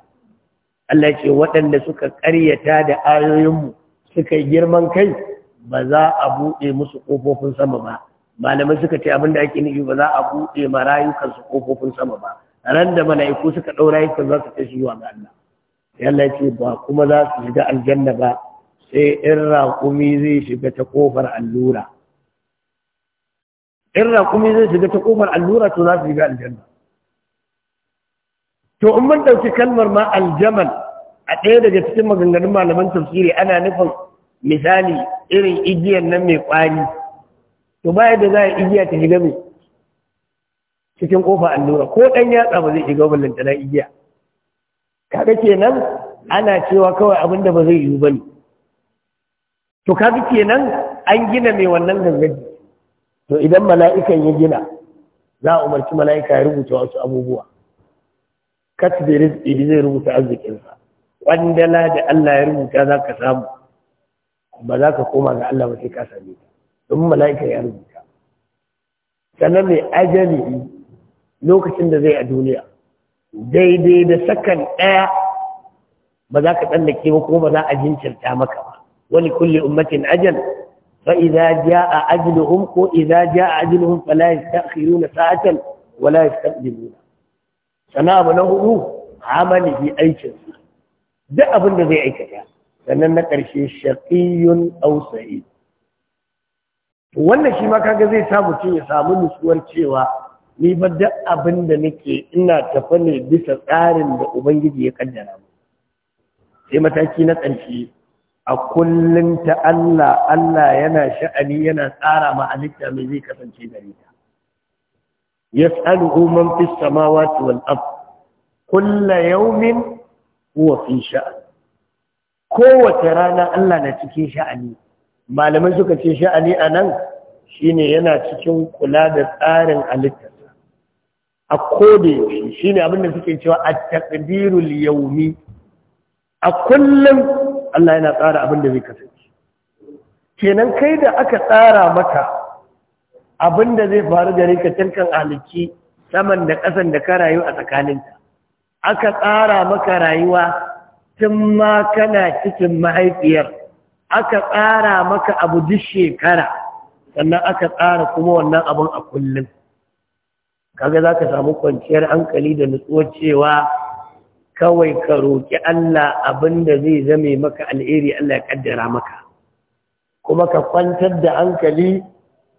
Allah ce waɗanda suka ƙaryata da ayoyinmu suka yi girman kai ba za a buɗe musu ƙofofin sama ba malamai suka ce abin da ake nufi ba za a buɗe ma su ƙofofin sama ba ran da mala'iku suka ɗau rayukan za su tashi zuwa ga Allah yalla ce ba kuma za su shiga aljanna ba sai in raƙumi zai shiga ta ƙofar allura in raƙumi zai shiga ta ƙofar allura to za su shiga aljanna to in mun ɗauki kalmar ma aljamal a ɗaya daga cikin maganganun malaman tafsiri ana nufin misali irin igiyar nan mai kwari to baya da za a igiya ta shiga mai cikin kofa allura ko ɗan yatsa ba zai shiga tana igiya kaga kenan ana cewa kawai abin da ba zai yiwu ba ne to kaga kenan an gina mai wannan gangaji to idan mala'ikan ya gina za a umarci mala'ika ya rubuta wasu abubuwa katbe rizqi zai rubuta arzikinsa kwandala da Allah ya rubuta za ka samu ba za ka koma ga Allah ba sai ka same ta domin mala'ika ya rubuta sannan mai ajali lokacin da zai a duniya daidai da sakan ɗaya ba za ka tsallake ba kuma ba za a jinkirta maka ba wani kulle ummatin ajal fa idza jaa ajluhum ko idza jaa ajluhum fala yastakhiruna sa'atan wala yastaqdimuna sana abu na hudu amalihi aikin duk abin da zai aikata sannan na ƙarshe shaƙiyun ausa'i wannan shi ma kaga zai sa mutum ya samu nutsuwar cewa ni ba duk abin da nake ina tafa ne bisa tsarin da ubangiji ya kaddara mu sai mataki na ƙarshe a kullum ta Allah Allah yana sha'ani yana tsara ma halitta mai zai kasance gare ta yas'aluhu man fis samawati wal ard kullu yawmin huwa fi sha'an kowace rana Allah na cikin sha'ani malamai suka ce sha'ani a nan shine yana cikin kula da tsarin halittarsa a koda shi ne abin da suke cewa at-taqdirul yawmi a kullum Allah yana tsara abin da zai kasance kenan kai da aka tsara maka abin da zai faru da rika tankan halicci saman da ƙasan da ka rayu a tsakaninta aka tsara maka rayuwa tun ma kana cikin mahaifiyar aka tsara maka abu duk shekara sannan aka tsara kuma wannan abun a kullum kaga za ka samu kwanciyar hankali da nutsuwar cewa kawai ka roƙi Allah abin da zai zame maka alheri Allah ya kaddara maka kuma ka kwantar da hankali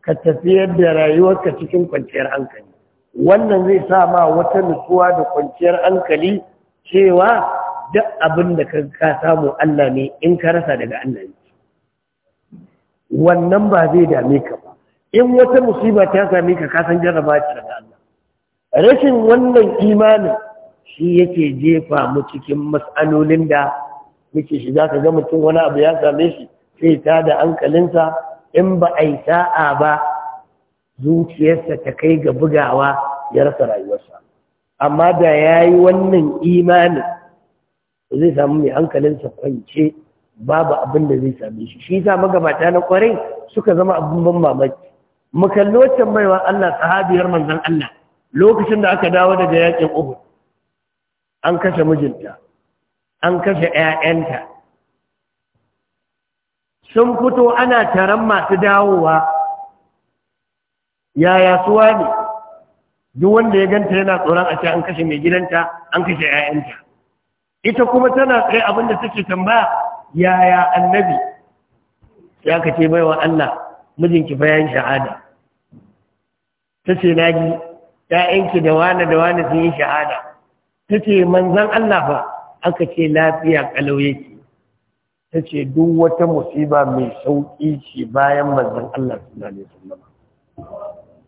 ka tafiyar da rayuwarka cikin kwanciyar hankali wannan zai sa ma wata nutsuwa da kwanciyar hankali cewa duk abin da ka samu Allah ne in ka rasa daga Allah ne wannan ba zai dame ka ba in wata musiba ta same ka kasan jarraba ta daga Allah rashin wannan imanin shi yake jefa mu cikin mas'alolin da muke shiga ka ga mutum wani abu ya same shi sai ta da hankalinsa in ba a yi sa'a ba zuciyarsa ta kai ga bugawa ya rasa rayuwarsa amma da ya yi wannan imanin zai samu mai hankalinsa kwance babu abin da zai same shi shi yasa magabata na kwarai suka zama abin ban mamaki makallocin baiwa Allah sahabiyar manzon Allah lokacin da aka dawo daga yakin Uhud an kashe mijinta an kashe ƴaƴanta sun fito ana taron masu dawowa yaya suwa ne duk wanda ya ganta yana tsoron a ce an kashe mai gidanta an kashe ƴaƴanta ita kuma tana tsaye abinda take tambaya yaya annabi ya kace baiwa Allah mijinki bayan shahada ta ce na ji da wani da wani sun yi shahada tace ce manzan Allah ba aka ce lafiya kalau yake ta duk wata musiba mai sauƙi ce bayan manzon Allah suna alaihi wasallam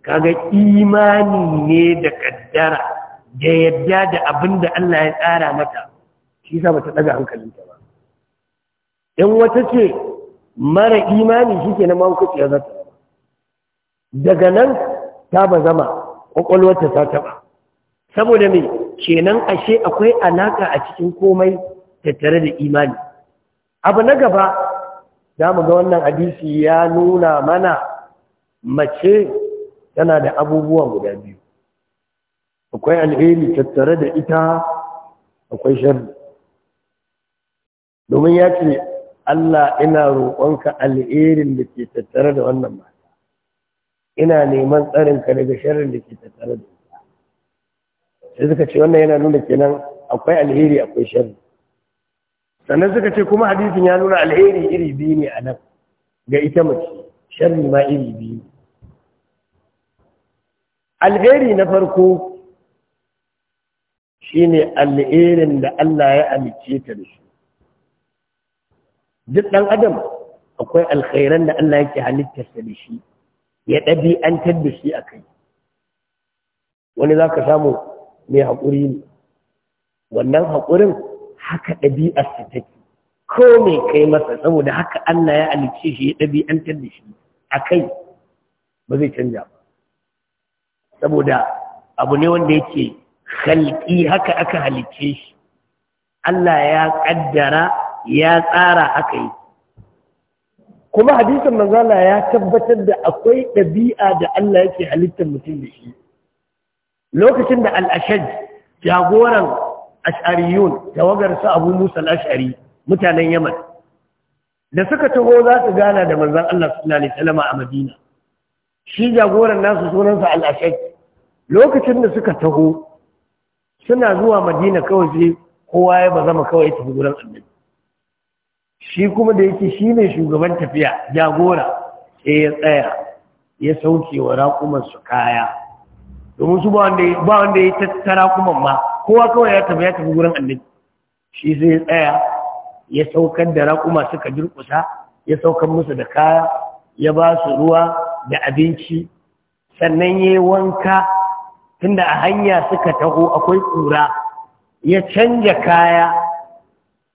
kaga imani ne da kaddara da yadda da abinda Allah ya tsara mata shi sa bata daga hankalinta ba in wata ce mara imani shi ke na mahaukaciya ya zata daga nan ta ba zama kwakwalwarta ta taba saboda mai kenan ashe akwai alaka a cikin komai tattare da imani abu na gaba za mu ga wannan hadisi ya nuna mana mace tana da abubuwa guda biyu akwai alheri tattare da ita akwai sharri domin ya ce Allah ina roƙonka alherin da ke tattare da wannan mata ina neman tsarinka daga sharrin da ke tattare da ita sai suka ce wannan yana nuna kenan akwai alheri akwai sharri sannan suka ce kuma hadisin ya nuna alheri iri biyu ne a nan ga ita mace sharri ma iri biyu ne alheri na farko shine alherin da Allah ya amince ta da shi duk ɗan adam akwai alkhairan da Allah yake halittarsa da shi ya ɗabi'antar da shi a kai wani za ka samu mai haƙuri ne wannan haƙurin haka ɗabi'arsa take ko mai kai masa saboda haka Allah ya halicce shi ya ɗabi'antar da shi a kai ba zai canja ba saboda abu ne wanda yake halƙi haka aka halicce shi Allah ya ƙaddara ya tsara haka yi kuma hadisin manzala ya tabbatar da akwai ɗabi'a da Allah yake halittar mutum da shi lokacin da al'ashad jagoran ash'ariyun tawagar su abu musa al'ash'ari mutanen yaman da suka taho za su gana da manzan Allah sallallahu alaihi a madina shi jagoran nasu sunansa al'ashad lokacin da suka taho suna zuwa madina kawai sai kowa ya ba zama kawai tafi gurin annabi shi kuma da yake shi ne shugaban tafiya jagora sai ya tsaya ya sauke wa raƙumansu kaya domin su ba wanda ya ta raƙuman ma kowa kawai ya tafi ya tafi gurin annabi shi sai ya tsaya ya saukar da raƙuma suka durƙusa ya saukar musu da kaya ya ba su ruwa da abinci sannan ya yi wanka tunda a hanya suka taho akwai ƙura ya canja kaya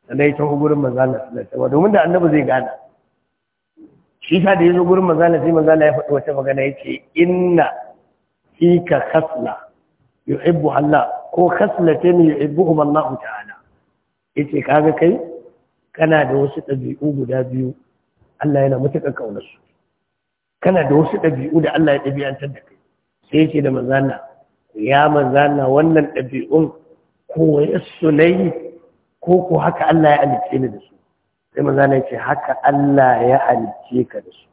na ya taho gurin manzana sallallahu domin da annabi zai gana shi sa da ya zo gurin manzana sai manzana ya faɗi wata magana ya ce inna fika khasla yuhibbu Allah ko khaslatin yuhibbuhum Allah ta'ala yace kaga kai kana da wasu ɗabi'u guda biyu Allah yana mutuƙar kaunar kana da wasu ɗabi'u da Allah ya ɗabi'antar da kai sai yace da manzana ya manzana wannan ɗabi'un ko yasu nayi ko ko haka Allah ya alice ni da su sai manzo ne ce haka Allah ya alice ka da su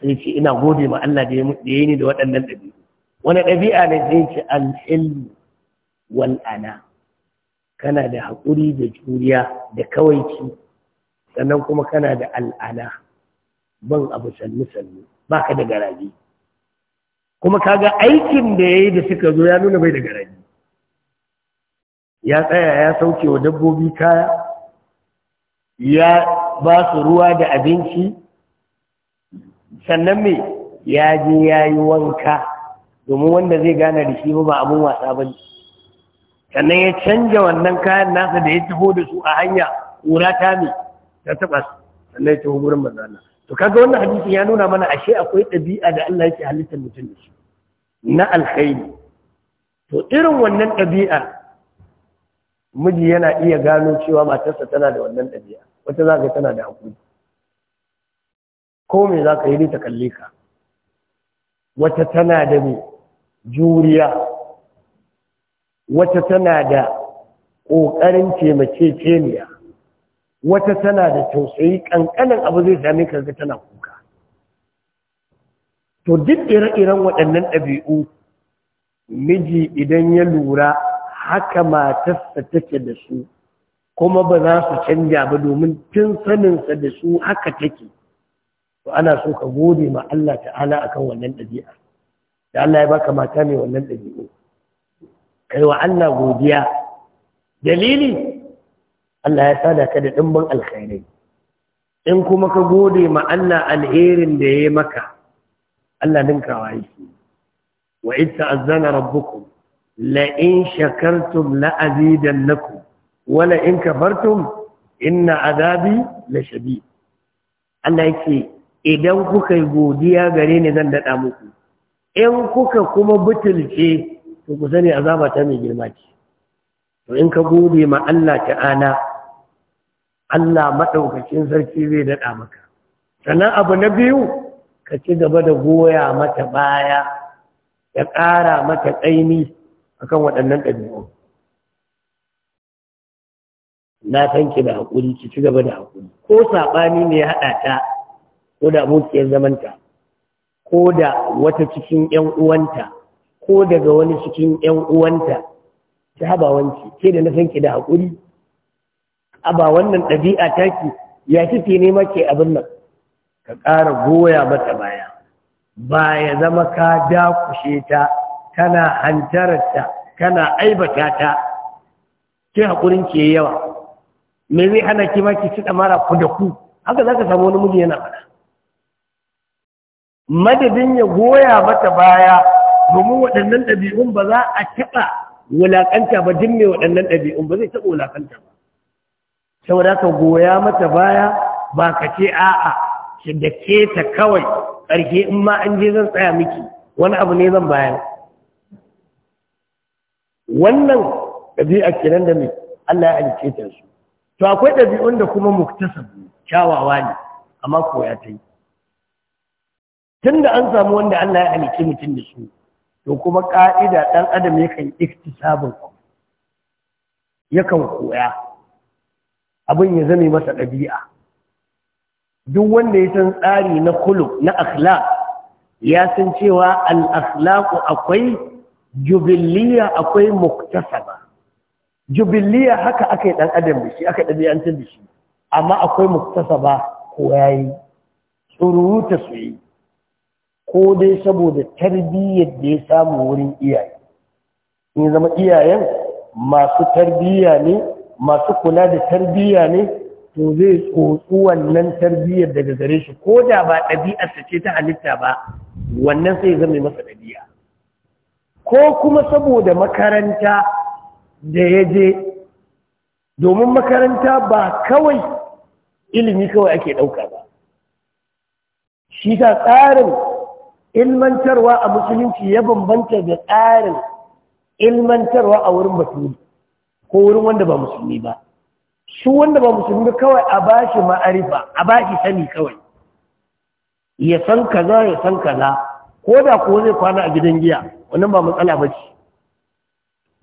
sai ce ina gode ma Allah da ya yi ni da waɗannan ɗabi'u wani ɗabi'a ne sai ce al-ilm kana da haƙuri da juriya da kawaici sannan kuma kana da al'ana ban abu sannu sannu baka da garaji kuma kaga aikin da yayi da suka zo ya nuna bai da garaji ya tsaya ya sauke wa dabbobi kaya ya ba su ruwa da abinci sannan me ya je ya yi wanka domin wanda zai gane da shi ba abin wasa ba ne sannan ya canja wannan kayan nasa da ya taho da su a hanya ƙura ta me ta taɓa su sannan ya taho gurin mazana to kaga wannan hadisin ya nuna mana ashe akwai ɗabi'a da Allah yake halittar mutum da shi na alkhairi to irin wannan ɗabi'ar. miji yana iya gano cewa matarsa tana da wannan ɗabi'a wata za ka tana da hakuri ko me za ka yi ta kalle ka wata tana da me juriya wata tana da ƙoƙarin taimake keniya wata tana da tausayi ƙanƙanin abu zai sami ga tana kuka to duk ire-iren waɗannan ɗabi'u miji idan ya lura haka matarsa take da su kuma ba za su canja ba domin tun saninsa da su haka take to ana so ka gode ma Allah ta'ala akan wannan ɗabi'a da Allah ya baka mata mai wannan ɗabi'u kai wa Allah godiya dalili Allah ya sada ka da ɗimbin alkhairai in kuma ka gode ma Allah alherin da ya yi maka Allah wa yake wa idza azana rabbukum la'in shakartum la'azidan lakum wala in kafartum inna azabi la shadid Allah yake idan kuka yi godiya gare ni zan dada muku in kuka kuma butulce to ku sani azaba ta mai girma ce to in ka gode ma Allah ta'ala Allah madaukakin sarki zai daɗa maka sannan abu na biyu ka ci gaba da goya mata baya ya ƙara mata ƙaimi akan waɗannan ɗabi'u na san ki da haƙuri ki ci gaba da haƙuri ko saɓani ne ya haɗa ta ko da abokiyar zamanta ko da wata cikin ƴan uwanta ko daga wani cikin ƴan uwanta ta haba wanci ke da na san da haƙuri a ba wannan ɗabi'a taki ya kike nema ke abin nan ka ƙara goya mata baya ba ya zama ka dakushe ta kana hantararta kana aibata ta ki haƙurin ke yawa me zai hana ki ma ki ci mara ku da ku haka za ka samu wani miji yana faɗa madadin ya goya mata baya domin waɗannan ɗabi'un ba za a taɓa wulaƙanta ba duk mai waɗannan ɗabi'un ba zai taɓa wulaƙanta ba saboda ka goya mata baya ba ka ce a'a da ke ta kawai ƙarfi in ma an je zan tsaya miki wani abu ne zan bayar wannan ɗabi'a kenan da mai Allah ya alice ta su to akwai ɗabi'un da kuma muktasab kyawawa ne amma ko ya ta yi tunda an samu wanda Allah ya alice mutum da su to kuma ƙa'ida ɗan adam yakan iktisabin yakan koya abin ya zame masa ɗabi'a duk wanda ya san tsari na kulub na akhlaq ya san cewa al-akhlaq akwai jubiliya akwai muktasaba jubiliya haka aka yi ɗan adam da shi aka ɗabi'antar da shi amma akwai muktasaba ko ya yayi ta su yi ko dai saboda tarbiyyar da ya samu wurin iyaye in zama iyayen masu tarbiyya ne masu kula da tarbiyya ne to zai tsotsu wannan tarbiyyar daga gare shi ko da ba ɗabi'arsa ce ta halitta ba wannan sai zama masa ɗabi'a ko kuma saboda makaranta da ya je domin makaranta ba kawai ilimi kawai ake ɗauka ba shi ta tsarin ilmantarwa a musulunci ya bambanta da tsarin ilmantarwa a wurin baturi ko wurin wanda ba musulmi ba shi wanda ba musulmi kawai a ba shi ma'arifa a ba shi sani kawai ya san kaza ya san kaza ko da kuwa zai kwana a gidan giya wannan ba matsala ba ce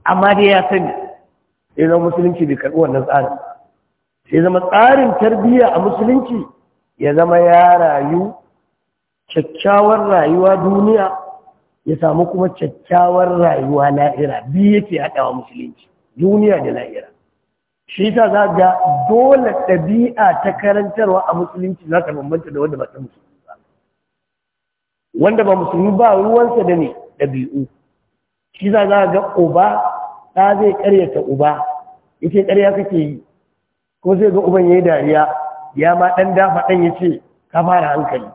amma dai ya sani sai zama musulunci bai karɓi wannan tsarin sai zama tsarin tarbiyya a musulunci ya zama ya rayu kyakkyawar rayuwa duniya ya samu kuma kyakkyawar rayuwa la'ira biyu yake haɗawa musulunci duniya da la'ira shi ta za ga dole ɗabi'a ta karantarwa a musulunci za ka bambanta da wanda ba ta musulunci ba wanda ba musulmi ba ruwansa da ne ɗabi'u shi za za ga uba ɗa zai ƙaryata uba yake ƙarya kake yi ko zai ga uban ya yi dariya ya ma ɗan dafa ɗan ya ce ka fara hankali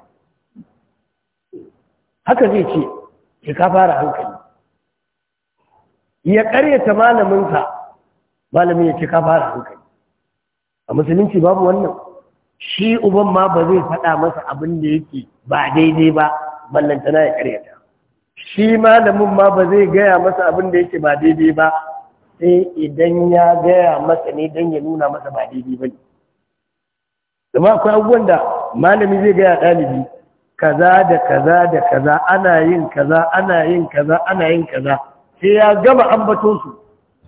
haka zai ce ke ka fara hankali ya ƙaryata malaminsa malamin ya ce ka fara hankali a musulunci babu wannan shi uban ma ba zai faɗa masa abin da yake ba daidai ba ballantana ya ƙaryata shi malamin ma ba zai gaya masa abin da yake ba daidai ba sai idan ya gaya masa ne don ya nuna masa ba daidai ba ne zama akwai abubuwan da malami zai gaya ɗalibi kaza da kaza da kaza ana yin kaza ana yin kaza ana yin kaza sai ya gama su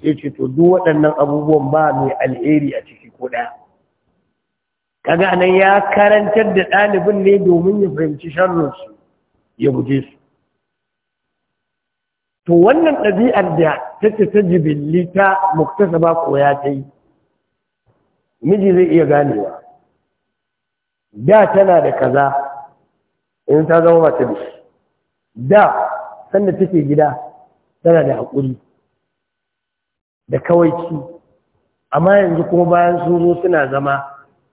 sai ce to duk waɗannan abubuwan ba mai alheri a ciki ko ɗaya kaga nan ya karantar da ɗalibin ne domin ya fahimci sharrinsu ya guje su to wannan ɗabi'ar da ta ce ta jibilli ta muktasa ba koya ta yi miji zai iya ganewa da tana da kaza in ta zama mata da shi da sanda take gida tana da haƙuri da kawai kawaici amma yanzu kuma bayan sun suna zama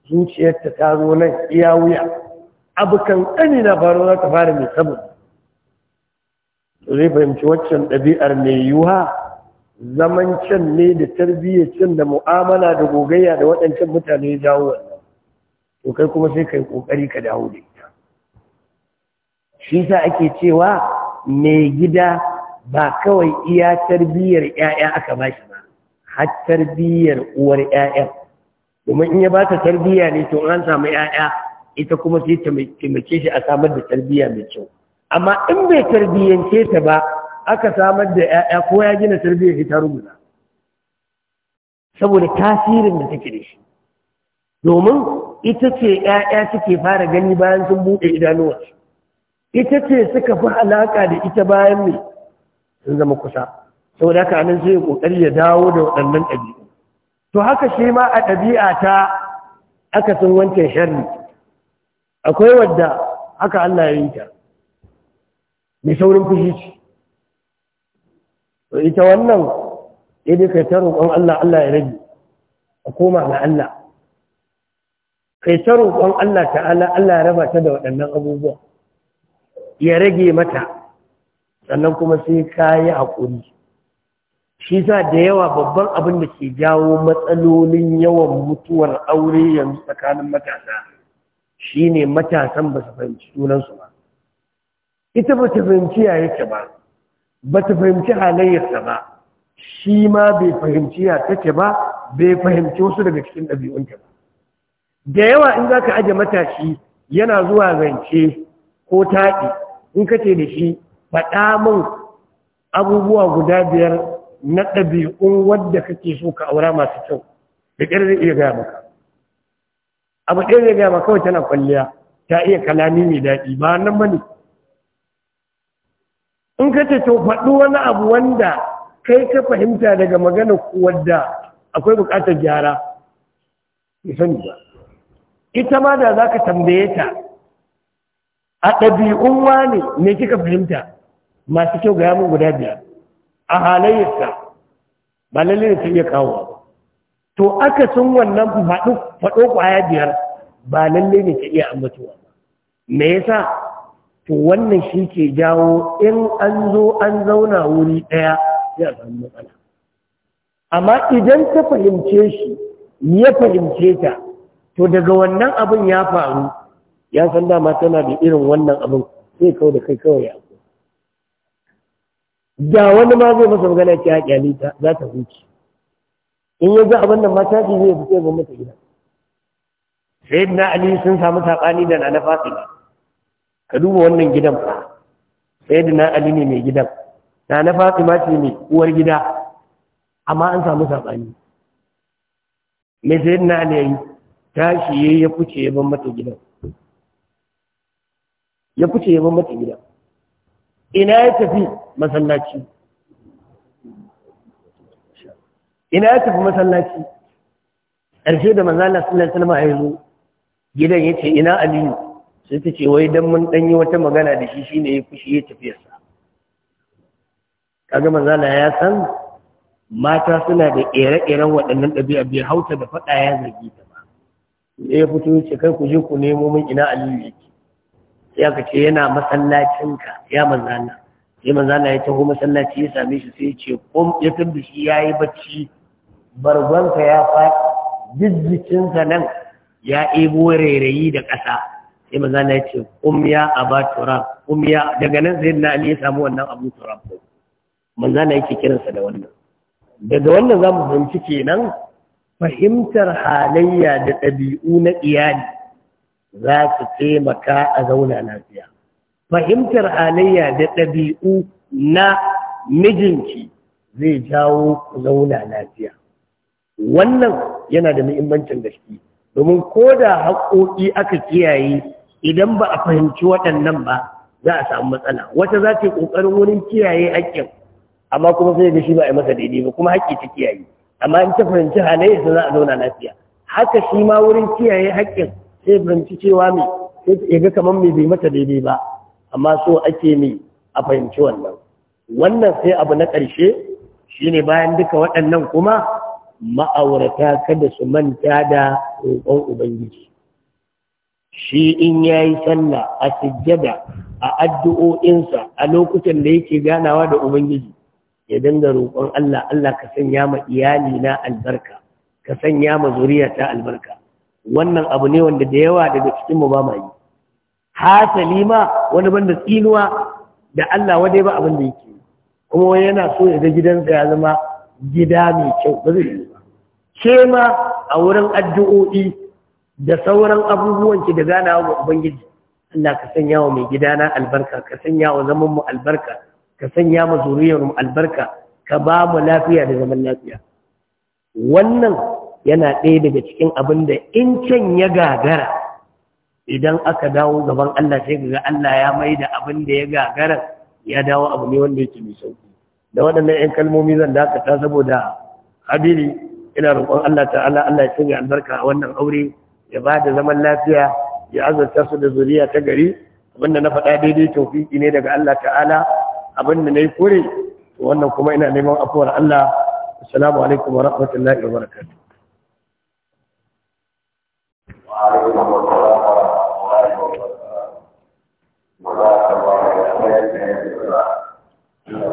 zuciyarta ta zo nan iya wuya abu kan ƙani na faruwa ta fara mai saboda zai fahimci waccan ɗabi'ar mai yiwuwa zaman can ne da can da mu'amala da gogayya da waɗancan mutane ya jawo wannan to kai kuma sai kai ƙoƙari ka dawo da ita shi sa ake cewa mai gida ba kawai iya tarbiyyar 'ya'ya aka ba shi ba har tarbiyyar uwar 'ya'ya. domin in ya ba ta tarbiyya ne to an samu 'ya'ya ita kuma sai ta taimake shi a samar da tarbiyya mai kyau amma in bai tarbiyyance ta ba aka samar da ‘ya'ya ko ya gina tarbiyyar shi ta rubuta saboda tasirin da take da shi domin ita ce ‘ya'ya suke fara gani bayan sun buɗe idanuwarsu ita ce suka fi alaƙa da ita bayan mai sun zama kusa saboda haka nan sai ƙoƙari ya dawo da waɗannan ɗabi'u to haka shi ma a ɗabi'a ta aka sun wancan sharri akwai wadda haka Allah ya yi ta mai saurin fushi ce to ita wannan idan kai ta roƙon Allah Allah ya rage a koma ga Allah kai ta roƙon Allah ta'ala Allah ya raba ta da waɗannan abubuwa ya rage mata sannan kuma sai ka yi haƙuri shi sa da yawa babban abin da ke jawo matsalolin yawan mutuwar aure yanzu tsakanin matasa shi ne matasan ba su fahimci sunansu ba ita ba ta fahimci ya yake ba ba ta fahimci halayyarsa ba shi ma bai fahimci ya take ba bai fahimci wasu daga cikin ɗabi'unta ba da yawa in za ka aje matashi yana zuwa zance ko taɗi in ka ce da shi faɗa min abubuwa guda biyar na ɗabi'un wadda kake so ka aura masu kyau da ƙyar iya gaya maka abu ɗaya zai gaya maka kawai tana kwalliya ta iya kalami mai daɗi ba nan ba in ka ce to faɗi wani abu wanda kai ka fahimta daga magana wadda akwai buƙatar gyara ya sani ba ita ma da za ka tambaye ta a ɗabi'un wani me kika fahimta masu kyau ga yamin guda biyar a halayyarsa ba lalle da ta iya kawo ba to aka sun wannan faɗo ƙwaya biyar ba lalle ne ta iya ambatuwa ba me yasa to wannan shi ke jawo in an zo an zauna wuri ɗaya ya samu matsala amma idan ta fahimce shi ya fahimce ta to daga wannan abin ya faru ya san dama tana da irin wannan abin sai kawo da kai kawai ya da wani ma zai masa magana ki haƙi ta za ta huce in ya ga abin da mata ce zai fi ga mata gida sai na ali sun samu saɓani da na na fasila ka duba wannan gidan fa sayyidina ali ne mai gidan na na fatima ce mai uwar gida amma an samu sabani mai sayyidina ali yayi tashi yayi ya fice ya ban mata gidan ya fice ya ban mata gidan ina ya tafi masallaci ina ya tafi masallaci ƙarshe da manzala sallallahu alaihi wasallam ya zo gidan yace ina aliyu sai ta ce wai don mun ɗanyi wata magana da shi shi ne ya fushi ya tafiyarsa kaga manzana ya san mata suna da ƙere-ƙeren waɗannan ɗabi'a biyar hauta da faɗa ya zargi ta ba da ya fito ce kai ku je ku nemo min ina aliyu yake sai aka ce yana masallacinka ya manzana sai manzana ya taho masallaci ya same shi sai ce kum ya tabbi shi ya yi bacci barbanka ya faɗi duk jikinsa nan ya ebo rairayi da ƙasa sai maza na ce a ba turam kumya daga nan sai na ali ya samu wannan abu turam din maza na yake kiransa da wannan daga wannan zamu fahimci kenan fahimtar halayya da ɗabi'u na iyali za su taimaka a zauna lafiya fahimtar halayya da ɗabi'u na mijinki zai jawo ku zauna lafiya wannan yana da muhimmancin gaske domin ko da haƙoƙi aka kiyaye idan ba a fahimci waɗannan ba za a samu matsala wata za ta yi ƙoƙarin wurin kiyaye haƙƙin amma kuma sai da shi ba a yi masa daidai ba kuma haƙƙi ta kiyaye amma in ta fahimci sai za a zauna lafiya haka shi ma wurin kiyaye haƙƙin sai fahimci cewa me sai ya ga kamar me bai mata daidai ba amma so ake me a fahimci wannan wannan sai abu na ƙarshe shine bayan duka waɗannan kuma ma'aurata kada su manta da roƙon ubangiji shi in ya yi sallah a sujjada a addu'o'insa a lokutan da yake ganawa da ubangiji ya dinga roƙon Allah Allah ka sanya ma iyali na albarka ka sanya ma zuriyata albarka wannan abu ne wanda da yawa daga cikin mu ba ma yi hasali ma wani banda tsinuwa da Allah wadai ba abin da yake kuma wani yana so ya ga gidansa ya zama gida mai kyau ba zai yi ba ke ma a wurin addu'o'i da sauran abubuwan ki da ganawa ga ubangiji Allah ka sanya wa mai gidana albarka ka sanya wa zaman mu albarka ka sanya ma zuriyar mu albarka ka ba mu lafiya da zaman lafiya wannan yana ɗaya daga cikin abin da in can ya gagara idan aka dawo gaban Allah sai ga Allah ya mai da abin da ya gagara ya dawo abu ne wanda yake mai sauƙi. da waɗannan 'yan kalmomi zan dakata saboda hadiri ina roƙon Allah ta'ala Allah ya sanya albarka a wannan aure ya ba da zaman lafiya ya azurta su da zuriya ta gari abinda na faɗa daidai tofiki ne daga Allah ta'ala abinda na yi kore wannan kuma ina neman afuwar Allah assalamu alaikum wa rahmatullahi wa barakatuh Thank you. ومن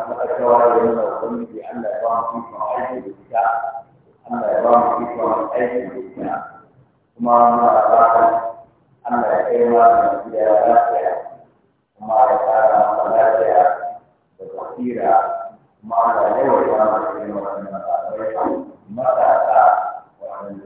فقد شوارع من الظن بأن لا يرام فيكم أيدي بالكعب أن لا يرام فيكم أيدي بالكعب ثم ما أراكم أن لا يكون من زياداتها ثم أراكم صلاتها وتخيرها ثم أن لا يوجد من المساعدة متى ومن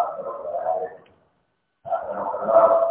Allah.